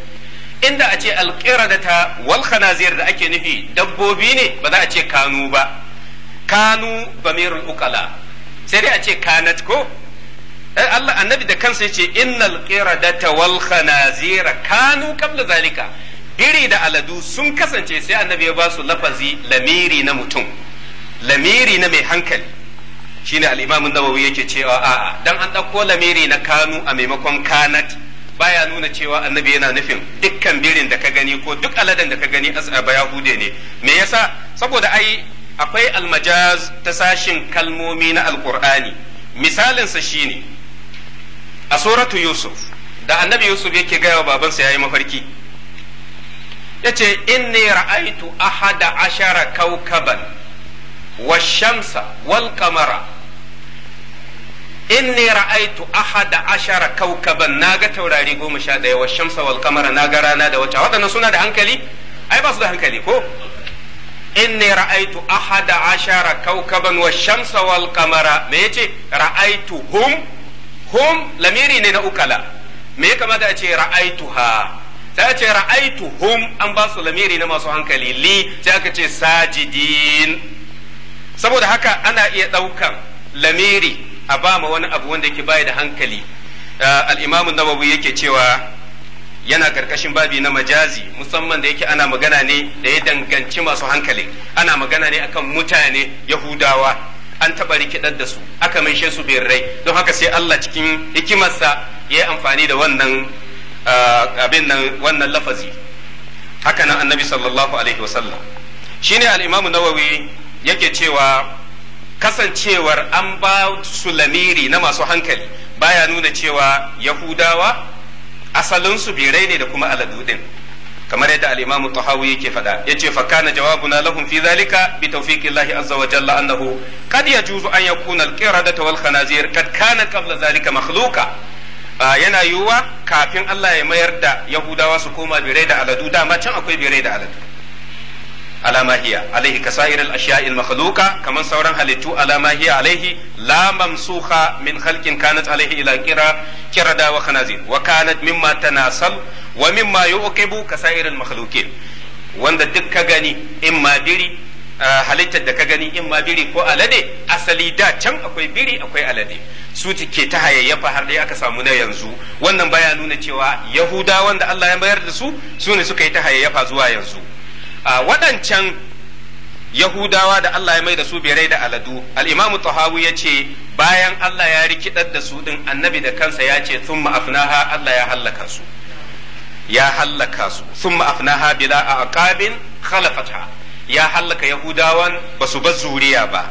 inda a ce alqiradata wal khanazir da ake nufi dabbobi ne ba za a ce kanu ba kanu bamirul uqala sai dai a ce kanat ko eh, Allah annabi da kansa ya ce innal kiradata wal khanazira kanu kabla zalika biri da aladu sun kasance sai annabi ya ba su lafazi lamiri na mutum lamiri na mai hankali shine al-imamu nawawi yake cewa a'a dan an ɗauko lamiri na kanu a maimakon kanat baya nuna cewa annabi yana nufin dukkan birin da ka gani ko duk aladen da ka gani asaba yahude ne me yasa saboda ai akwai almajaz ta sashin kalmomi na alkur'ani misalinsa shine a suratu yusuf da annabi yusuf yake gaya wa babansa yi mafarki in inni ra'aitu ahada ashara kaukaban shamsa wal qamara inni ra'aitu ahada ashara kaukaban ga taurari goma sha daya shamsa wal kamara na ga rana da wata waɗannan suna da hankali ai ba su da hankali ko inni ra'aitu ahada ashara kaukaban shamsa wal kamara me yace ra'aitu hum hum lamiri ne na ukala me ya kamata a ce ra'aituha ta ce ra'aitu hum an ba su lamiri na masu hankali li sai aka ce sajidin saboda haka ana iya ɗaukan lamiri a ba ma wani abu wanda yake baya da hankali ah, al-imamu nawawi yake cewa yana karkashin babi na majazi musamman da yake ana magana ne da ya danganci masu hankali ana magana ne akan mutane yahudawa an taɓa rikidar da su aka maishe su rai don haka sai Allah cikin hikimarsa ya yi amfani da wannan abin nan wannan lafazi haka nan annabi sallallahu alaihi wasallam shine al-imamu nawawi yake cewa kasancewar an ba su lamiri na masu hankali baya nuna cewa yahudawa asalinsu birai ne da kuma aladu din kamar yadda al-imamu tahawi yake faɗa yace fa kana jawabuna lahum fi zalika bi tawfiqillahi azza wa jalla annahu qad yajuzu an yakuna al-qiradatu wal khanazir qad kana qabla zalika makhluqa Ah, yana yiwuwa kafin Allah ya mayar da Yahudawa su koma birai da aladu dama can akwai birai da aladu alama hiya alaihi kasair al-ashiya al-makhluqa kaman sauran halittu alama hiya alaihi la mamsuha min khalqin kanat alaihi ila kira kira da wa khanazir wa kanat mimma tanasal wa mimma yuqibu kasair al-makhluqin wanda duk ka gani ma biri halittar da ka gani in ma biri ko alade asali da can akwai biri akwai alade su ke ta hayayyafa har dai aka samu na yanzu wannan baya nuna cewa yahuda wanda Allah ya mayar da su su ne suka yi ta hayayyafa zuwa yanzu A waɗancan yahudawa da Allah ya mai da su birai da aladu Al'imamu imamu ya ce bayan Allah ya rikidar da su din annabi da kansa ya ce thumma afnaha Allah ya hallaka su ya hallaka su thumma afnaha bila aqabin khalafata ya hallaka yahudawan ba su bar zuriya ba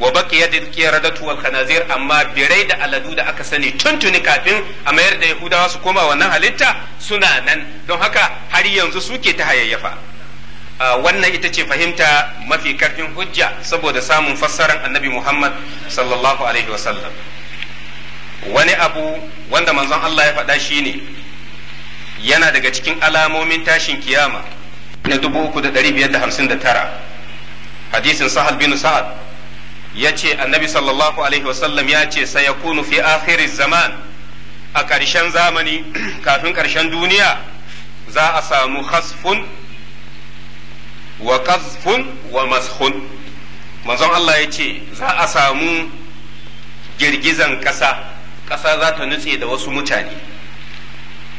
wa baki ya dinkiyar da tuwal khanazir amma birai da aladu da aka sani tuntuni kafin a mayar da yahudawa su koma wannan halitta suna nan don haka har yanzu suke ta hayayyafa wannan ita ce fahimta mafi karfin hujja saboda samun fassaran annabi muhammad sallallahu alaihi wasallam wani abu wanda manzon allah ya faɗa shi ne, yana daga cikin alamomin tashin kiyama na dubu uku da ɗari biyar da hamsin da tara hadisin sahal bin sa'ad ya ce annabi sallallahu alaihi wasallam ya ce sayakunu fi akhiriz zaman a ƙarshen zamani kafin ƙarshen duniya za a samu hasfun wa kazfun wa mashun manzon Allah ya ce za a samu girgizan ƙasa ƙasa za ta nutse da wasu mutane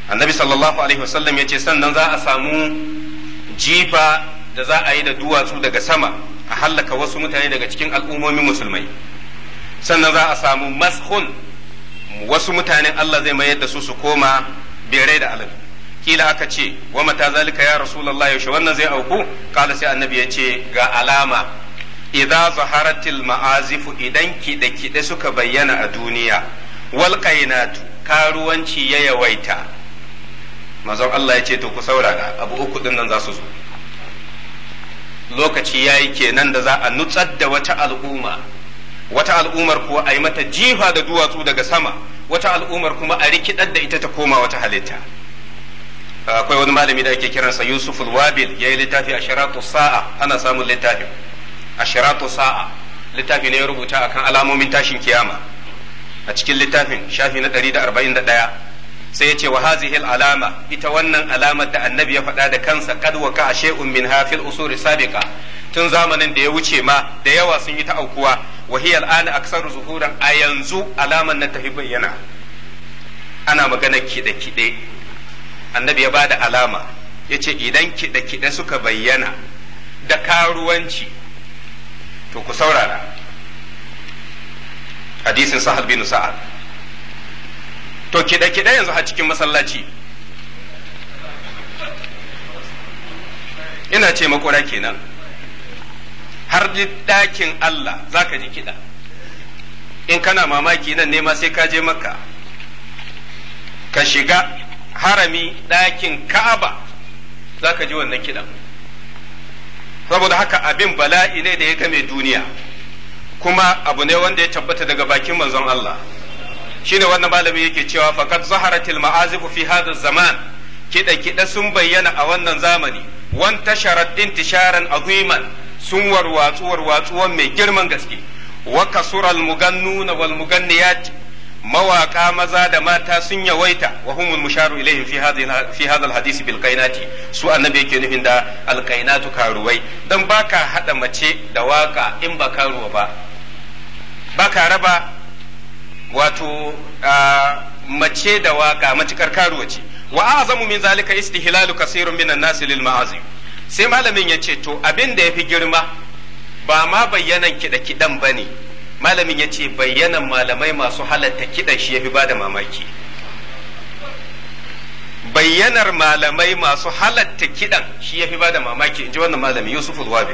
annabi sallallahu alaihi wasallam ya ce sannan za a samu jifa da za a yi da duwatsu daga sama a hallaka wasu mutane daga cikin al'ummomin musulmai sannan za a samu mashun wasu mutanen Allah zai mayar da su su koma bere da alal kila aka ce wa mata zalika ya rasulullahi yaushe wannan zai auku kala sai annabi ya ce ga alama idza zaharatil ma'azifu idan kide kide suka bayyana a duniya wal qainatu karuwanci ya yawaita manzon Allah ya ce to ku saurara abu uku din nan za su zo lokaci ya yi kenan da za a nutsar da wata al'umma wata al'ummar kuwa a yi mata jifa da duwatsu daga sama wata al'ummar kuma a rikidar da ita ta koma wata halitta akwai wani malami da ake kiransa Yusuf al-Wabil yi littafi a asharatu sa'a ana samun littafi a asharatu sa'a littafi ne ya rubuta akan alamomin tashin kiyama a cikin littafin shafi na 141 sai ya ce wa hazihil alama ita wannan alamar da annabi ya faɗa da kansa kad wa ka shay'un min hafil usuri sabiqa tun zamanin da ya wuce ma da yawa sun yi ta aukuwa wa hiya al'ana aksaru zuhuran a yanzu alaman na tafi bayyana ana magana kiɗe kiɗe annabi ya bada alama yace idan kiɗe kiɗe suka bayyana da karuwanci to ku saurara hadisin sahal bin sa'ad to kiɗe-kiɗe yanzu a cikin masallaci ina ce makora kenan har ɗakin Allah za ka ji kiɗa in kana mamaki nan nema sai ka je maka. ka shiga harami ɗakin ka'aba za ka ji wannan kiɗan saboda haka abin bala'i ne da ya game duniya kuma abu ne wanda ya tabbata daga bakin manzon Allah shine wannan malami yake cewa faqad zaharatil ma'azifu fi hadha zaman kida kida sun bayyana a wannan zamani wan tasharat intisharan aziman sun warwatsu warwatsuwan mai girman gaske wa kasural mugannuna wal muganniyat mawaka maza da mata sun yawaita wa humul musharu ilayhi fi hadha fi hadha alhadisi bil qainati su annabi yake nufin da qainatu karuwai dan baka hada mace da waka in ba karuwa ba baka raba wato mace da waka matukar karuwa ce wa azamu min zalika istihlalu kasirun minan nas lil ma'azim sai malamin yace to abin da yafi girma ba ma bayyanan kida kidan bane malamin ya ce bayyanan malamai masu halatta kidan shi yafi bada mamaki bayyanar malamai masu halatta kidan shi yafi bada mamaki inji wannan malami Yusuf al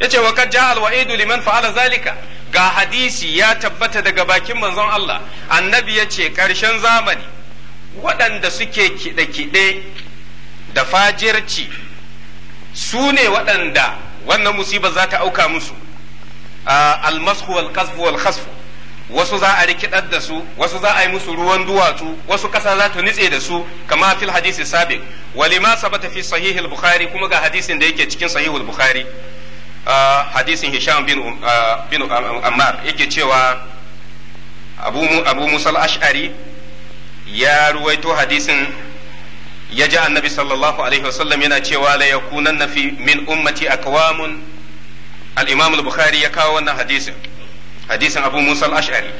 yace wa kad ja'a waidu liman fa'ala zalika ga hadisi ya tabbata daga bakin manzon Allah annabi ya ce ƙarshen zamani waɗanda suke kiɗe-kiɗe da fajirci su ne waɗanda wannan musibar za ta auka musu almashu wal kasfu wal khasfu wasu za a rikidar da su wasu za a yi musu ruwan duwatsu wasu ƙasa za ta nitse da su kama fil hadisi sabiq walima sabata fi sahihil bukhari kuma ga hadisin da yake cikin sahihul bukhari hadisin hisham bin bin ammar yake cewa abu abu musa ashari ya ruwaito hadisin ya ji annabi sallallahu alaihi wasallam yana cewa la na fi min ummati aqwamun al-imam al-bukhari ya kawo wannan hadisin hadisin abu musa al-ash'ari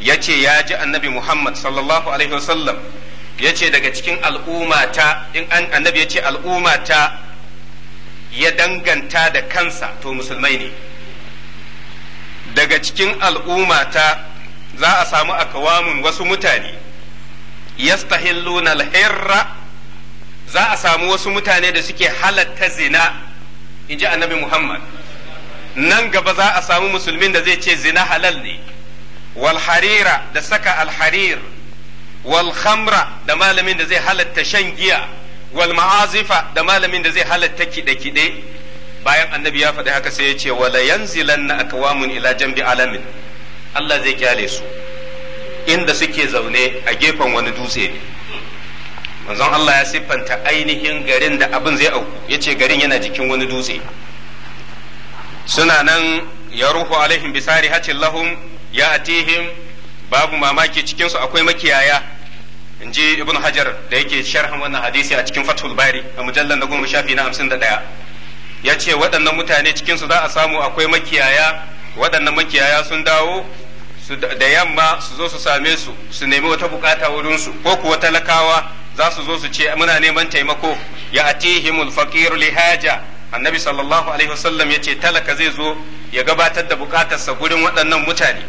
ya ce ya ji annabi muhammad sallallahu alaihi wasallam ya ce daga cikin al'umata in annabi ya ce al'umata ya danganta da kansa to musulmai ne daga cikin al'umma ta za a samu akawamin wasu mutane yastahilluna alhirra za a samu wasu mutane da suke halatta zina in ji annabi muhammad nan gaba za a samu musulmin da zai ce zina halal ne walharira da saka alharir walhamra da malamin da zai halatta shan giya wal ma'azifa da malamin da zai halatta kiɗe-kiɗe bayan annabi ya faɗi haka sai ya ce wala yanzilanna akwamun ila jambi alamin Allah zai kyale su inda suke zaune a gefen wani dutse ne manzon Allah ya siffanta ainihin garin da abin zai auku ya ce garin yana jikin wani dutse suna nan ya ruhu alaihim bisari hacin lahum ya atihim babu mamaki cikinsu akwai makiyaya in ji ibn hajar da yake sharhan wannan hadisi a cikin fathul bari a mujallar na goma shafi na hamsin da ɗaya ya ce waɗannan mutane cikinsu za a samu akwai makiyaya waɗannan makiyaya sun dawo da yamma su zo su same su su nemi wata bukata wurinsu ko kuwa talakawa za su zo su ce muna neman taimako ya atihimul faqiru li haja annabi sallallahu alaihi wasallam ya talaka zai zo ya gabatar da bukatarsa gurin waɗannan mutane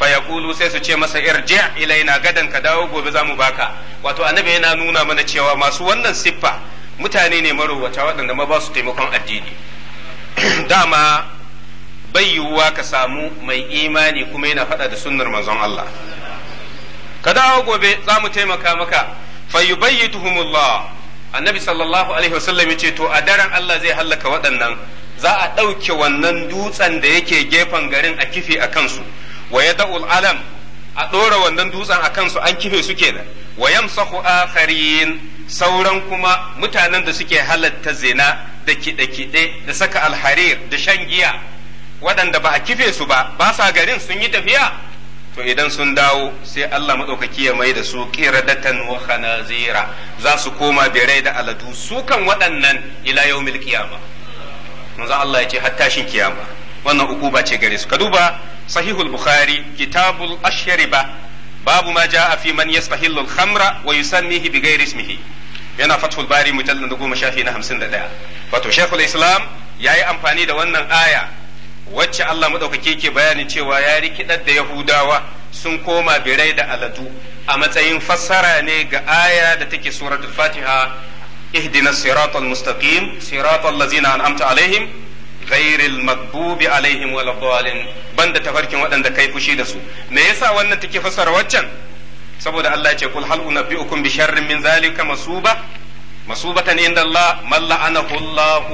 fa yaqulu sai su ce masa irji ilaina gadan ka dawo gobe zamu baka wato annabi yana nuna mana cewa masu wannan siffa mutane ne wata waɗanda ma ba su taimakon addini dama bai yiwuwa ka samu mai imani kuma yana faɗa da sunnar manzon Allah ka dawo gobe zamu taimaka maka fayyubayyituhumullah annabi sallallahu alaihi wasallam yace to a daren Allah zai hallaka waɗannan za a ɗauke wannan dutsen da yake gefen garin a kifi a kansu wa yada'ul alam a ɗora wannan dutsen a kansu an kife suke kenan wa yamsahu sauran kuma mutanen da suke halatta zina da kiɗe-kiɗe da saka alharir da shan giya waɗanda ba a kife su ba ba sa garin sun yi tafiya to idan sun dawo sai Allah maɗaukaki ya mai da su qiradatan wa khanazira za su koma birai da aladu su kan waɗannan ila yawmil qiyama manzo Allah ya ce har tashin kiyama wannan ukuba ce gare su ka duba sahihul bukhari kitabul ashriba babu ma jaa fi man yastahillu al-khamra wa yusannihi bighairi ismihi yana fathul bari mujallad 10 shafi na 51 wato shaykhul islam yayi amfani da wannan aya wacce Allah madaukake ke bayanin cewa ya rikidar da yahudawa sun koma birai da aladu a matsayin fassara ne ga aya da take suratul fatiha ihdinas siratal mustaqim siratal ladzina an'amta alaihim ghairil maghdubi alaihim wal dhalin banda tafarkin waɗanda kai fushi da su me yasa wannan take fassara waccan saboda Allah ya ce kul hal unabbiukum bi sharrin min zalika masuba masubatan inda Allah man la'anahu Allah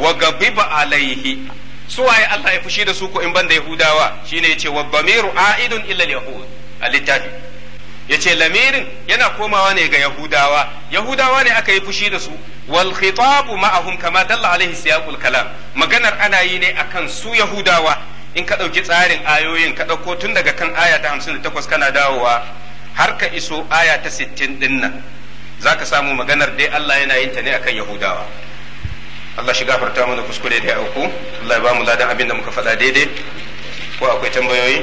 wa ghadiba alaihi su waye Allah ya fushi da su ko in banda yahudawa shine yace wa bamiru aidun illa yahu, a al littafi ya ce lamirin yana komawa ne ga yahudawa yahudawa ne aka yi fushi da su wal khitabu ma'ahum kama dalla alaihi siyaqul kalam maganar ana yi ne akan su yahudawa in ka ɗauki tsarin ayoyin ka dauko tun daga kan aya ta hamsin da kana dawowa har ka iso aya ta sittin din nan za samu maganar dai Allah yana yin ta ne akan yahudawa Allah shi gafarta mana kuskure da ya auku Allah ya ba mu ladan abin da muka faɗa daidai ko akwai tambayoyi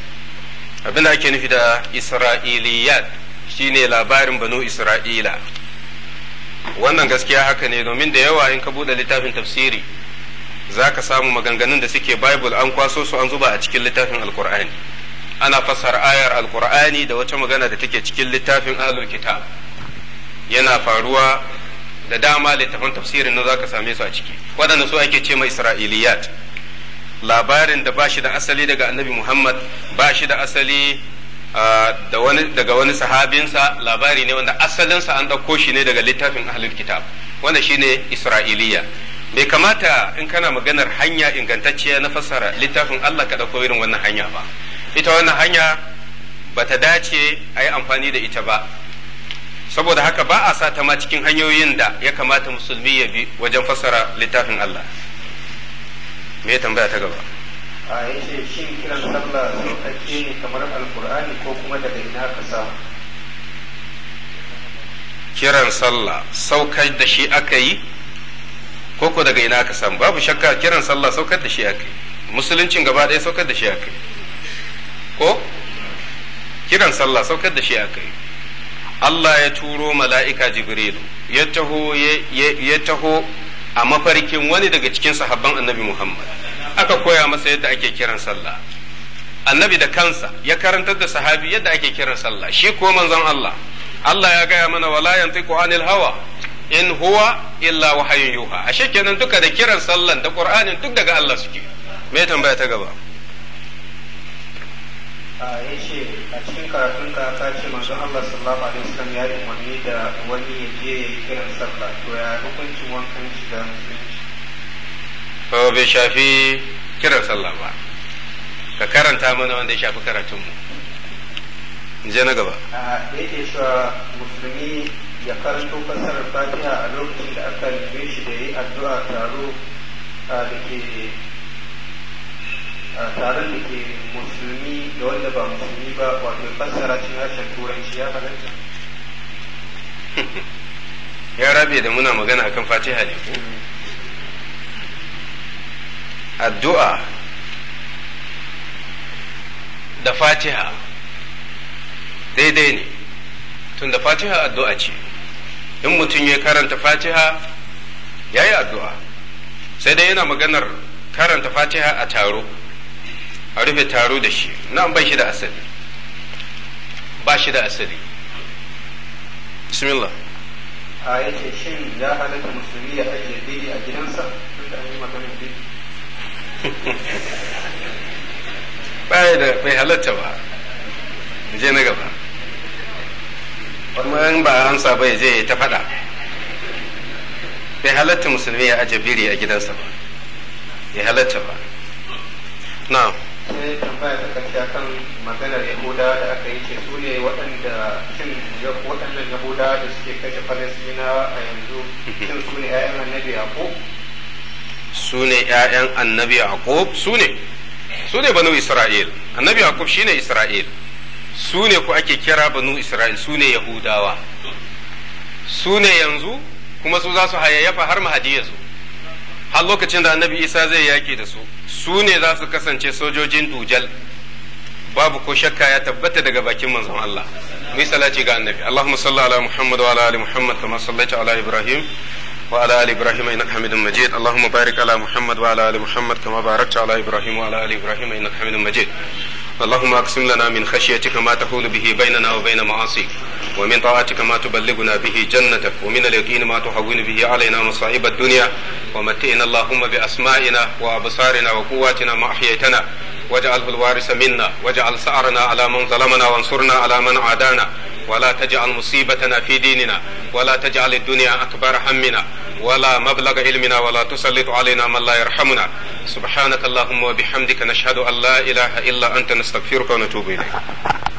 abin da ake nufi da isra'iliyat shine labarin banu isra'ila wannan gaskiya haka ne domin da yawa in ka buɗe littafin tafsiri za ka samu maganganun da suke bible an kwaso su an zuba a cikin littafin alkur'ani ana fasar ayar alkur'ani da wata magana da take cikin littafin ahlul kitab yana faruwa da dama littafin tafsirin na za ka same su a ciki waɗanda su ake ce ma isra'iliyat labarin da ba shi da asali daga annabi Muhammad ba shi da asali daga wani sahabinsa labari ne wanda asalinsa an ɗauko shi ne daga littafin ahlul kitab wanda shi ne Isra'iliya bai kamata in kana maganar hanya ingantacciya na fassara littafin Allah ka ɗauko irin wannan hanya ba ita wannan hanya ba ta dace a yi amfani da ita ba saboda haka ba a sa ta ma cikin hanyoyin da ya kamata musulmi ya bi wajen fassara littafin Allah me tambaya ta gaba a ce shi kiran sallah sun ake ne kamar alkur'ani ko kuma daga ina ka samu kiran sallah saukar da shi aka yi ko ko daga ina aka samu babu shakka kiran sallah saukar da shi aka yi musuluncin gaba ɗaya saukar da shi aka yi ko kiran sallah saukar da shi aka yi Allah ya turo mala'ika Jibrilu ya taho a mafarkin wani daga cikin sahabban annabi Muhammad aka koya masa yadda ake kiran sallah annabi da kansa ya karantar da sahabi yadda ake kiran sallah shi ko manzon Allah Allah ya gaya mana wala yantiqu anil hawa in huwa illa wahayun yuha ashe kenan duka da kiran sallan da qur'anin duk daga Allah suke me tambaya ta gaba ah, karatun ka ka ce manzon Allah sallallahu alaihi wasallam ya yi umarni da wani ya je ya yi kiran sallah to ya hukuncin wankan shiga musulunci to bai shafi kiran sallah ba ka karanta mana wanda ya shafi karatunmu je na gaba a yake cewa musulmi ya karanto fasarar fatiha a lokacin da aka yi shi da yi addu'a taro da ke taron da ke da wanda ba musulmi ba wato fassara cin harshen turanci ya halatta ya rabe da muna magana akan fatiha ne ko addu'a da fatiha daidai ne tun da fatiha addu'a ce in mutum ya karanta fatiha ya yi addu'a sai dai yana maganar karanta fatiha a taro a rufe taro da shi na bai shi da asali ba shi da asali bismillah a yace shin ya halatta musulmi ya ajiye bidi a gidansa duk da an yi maganar bidi baya da bai halatta ba je na gaba kuma in ba amsa bai je ta faɗa bai halatta musulmi ya ajiye biri a gidansa ba ya halatta ba na'am sai tambaya ta karshe kan maganar yahuda da aka yi ce su ne waɗanda cin waɗannan yahuda da suke kashe falasina a yanzu cin su ne 'ya'yan annabi yaqub su ne 'ya'yan annabi yaqub su ne su ne banu isra'il annabi yaqub shine isra'il su ne ku ake kira banu isra'il su ne yahudawa su ne yanzu kuma su za su hayayyafa har mahadi ya zo har lokacin da annabi isa zai yaki da su su ne za su kasance sojojin dujal babu ko shakka ya tabbata daga bakin manzon Allah mai salati ga annabi Allahumma salli ala Muhammad wa ala ali Muhammad kama sallaita ala Ibrahim wa ala ali Ibrahim innaka Hamidum Majid Allahumma barik ala Muhammad wa ala ali Muhammad kama barakta ala Ibrahim wa ala ali Ibrahim innaka Hamidum Majid اللهم اقسم لنا من خشيتك ما تحول به بيننا وبين معاصيك ومن طاعتك ما تبلغنا به جنتك ومن اليقين ما تهون به علينا مصائب الدنيا ومتئنا اللهم بأسمائنا وأبصارنا وقواتنا ما أحييتنا واجعله الوارث منا واجعل سعرنا على من ظلمنا وانصرنا على من عادانا ولا تجعل مصيبتنا في ديننا ولا تجعل الدنيا أكبر همنا ولا مبلغ علمنا ولا تسلط علينا من لا يرحمنا سبحانك اللهم وبحمدك نشهد أن لا إله إلا أنت نستغفرك نستغفرك ونتوب إليك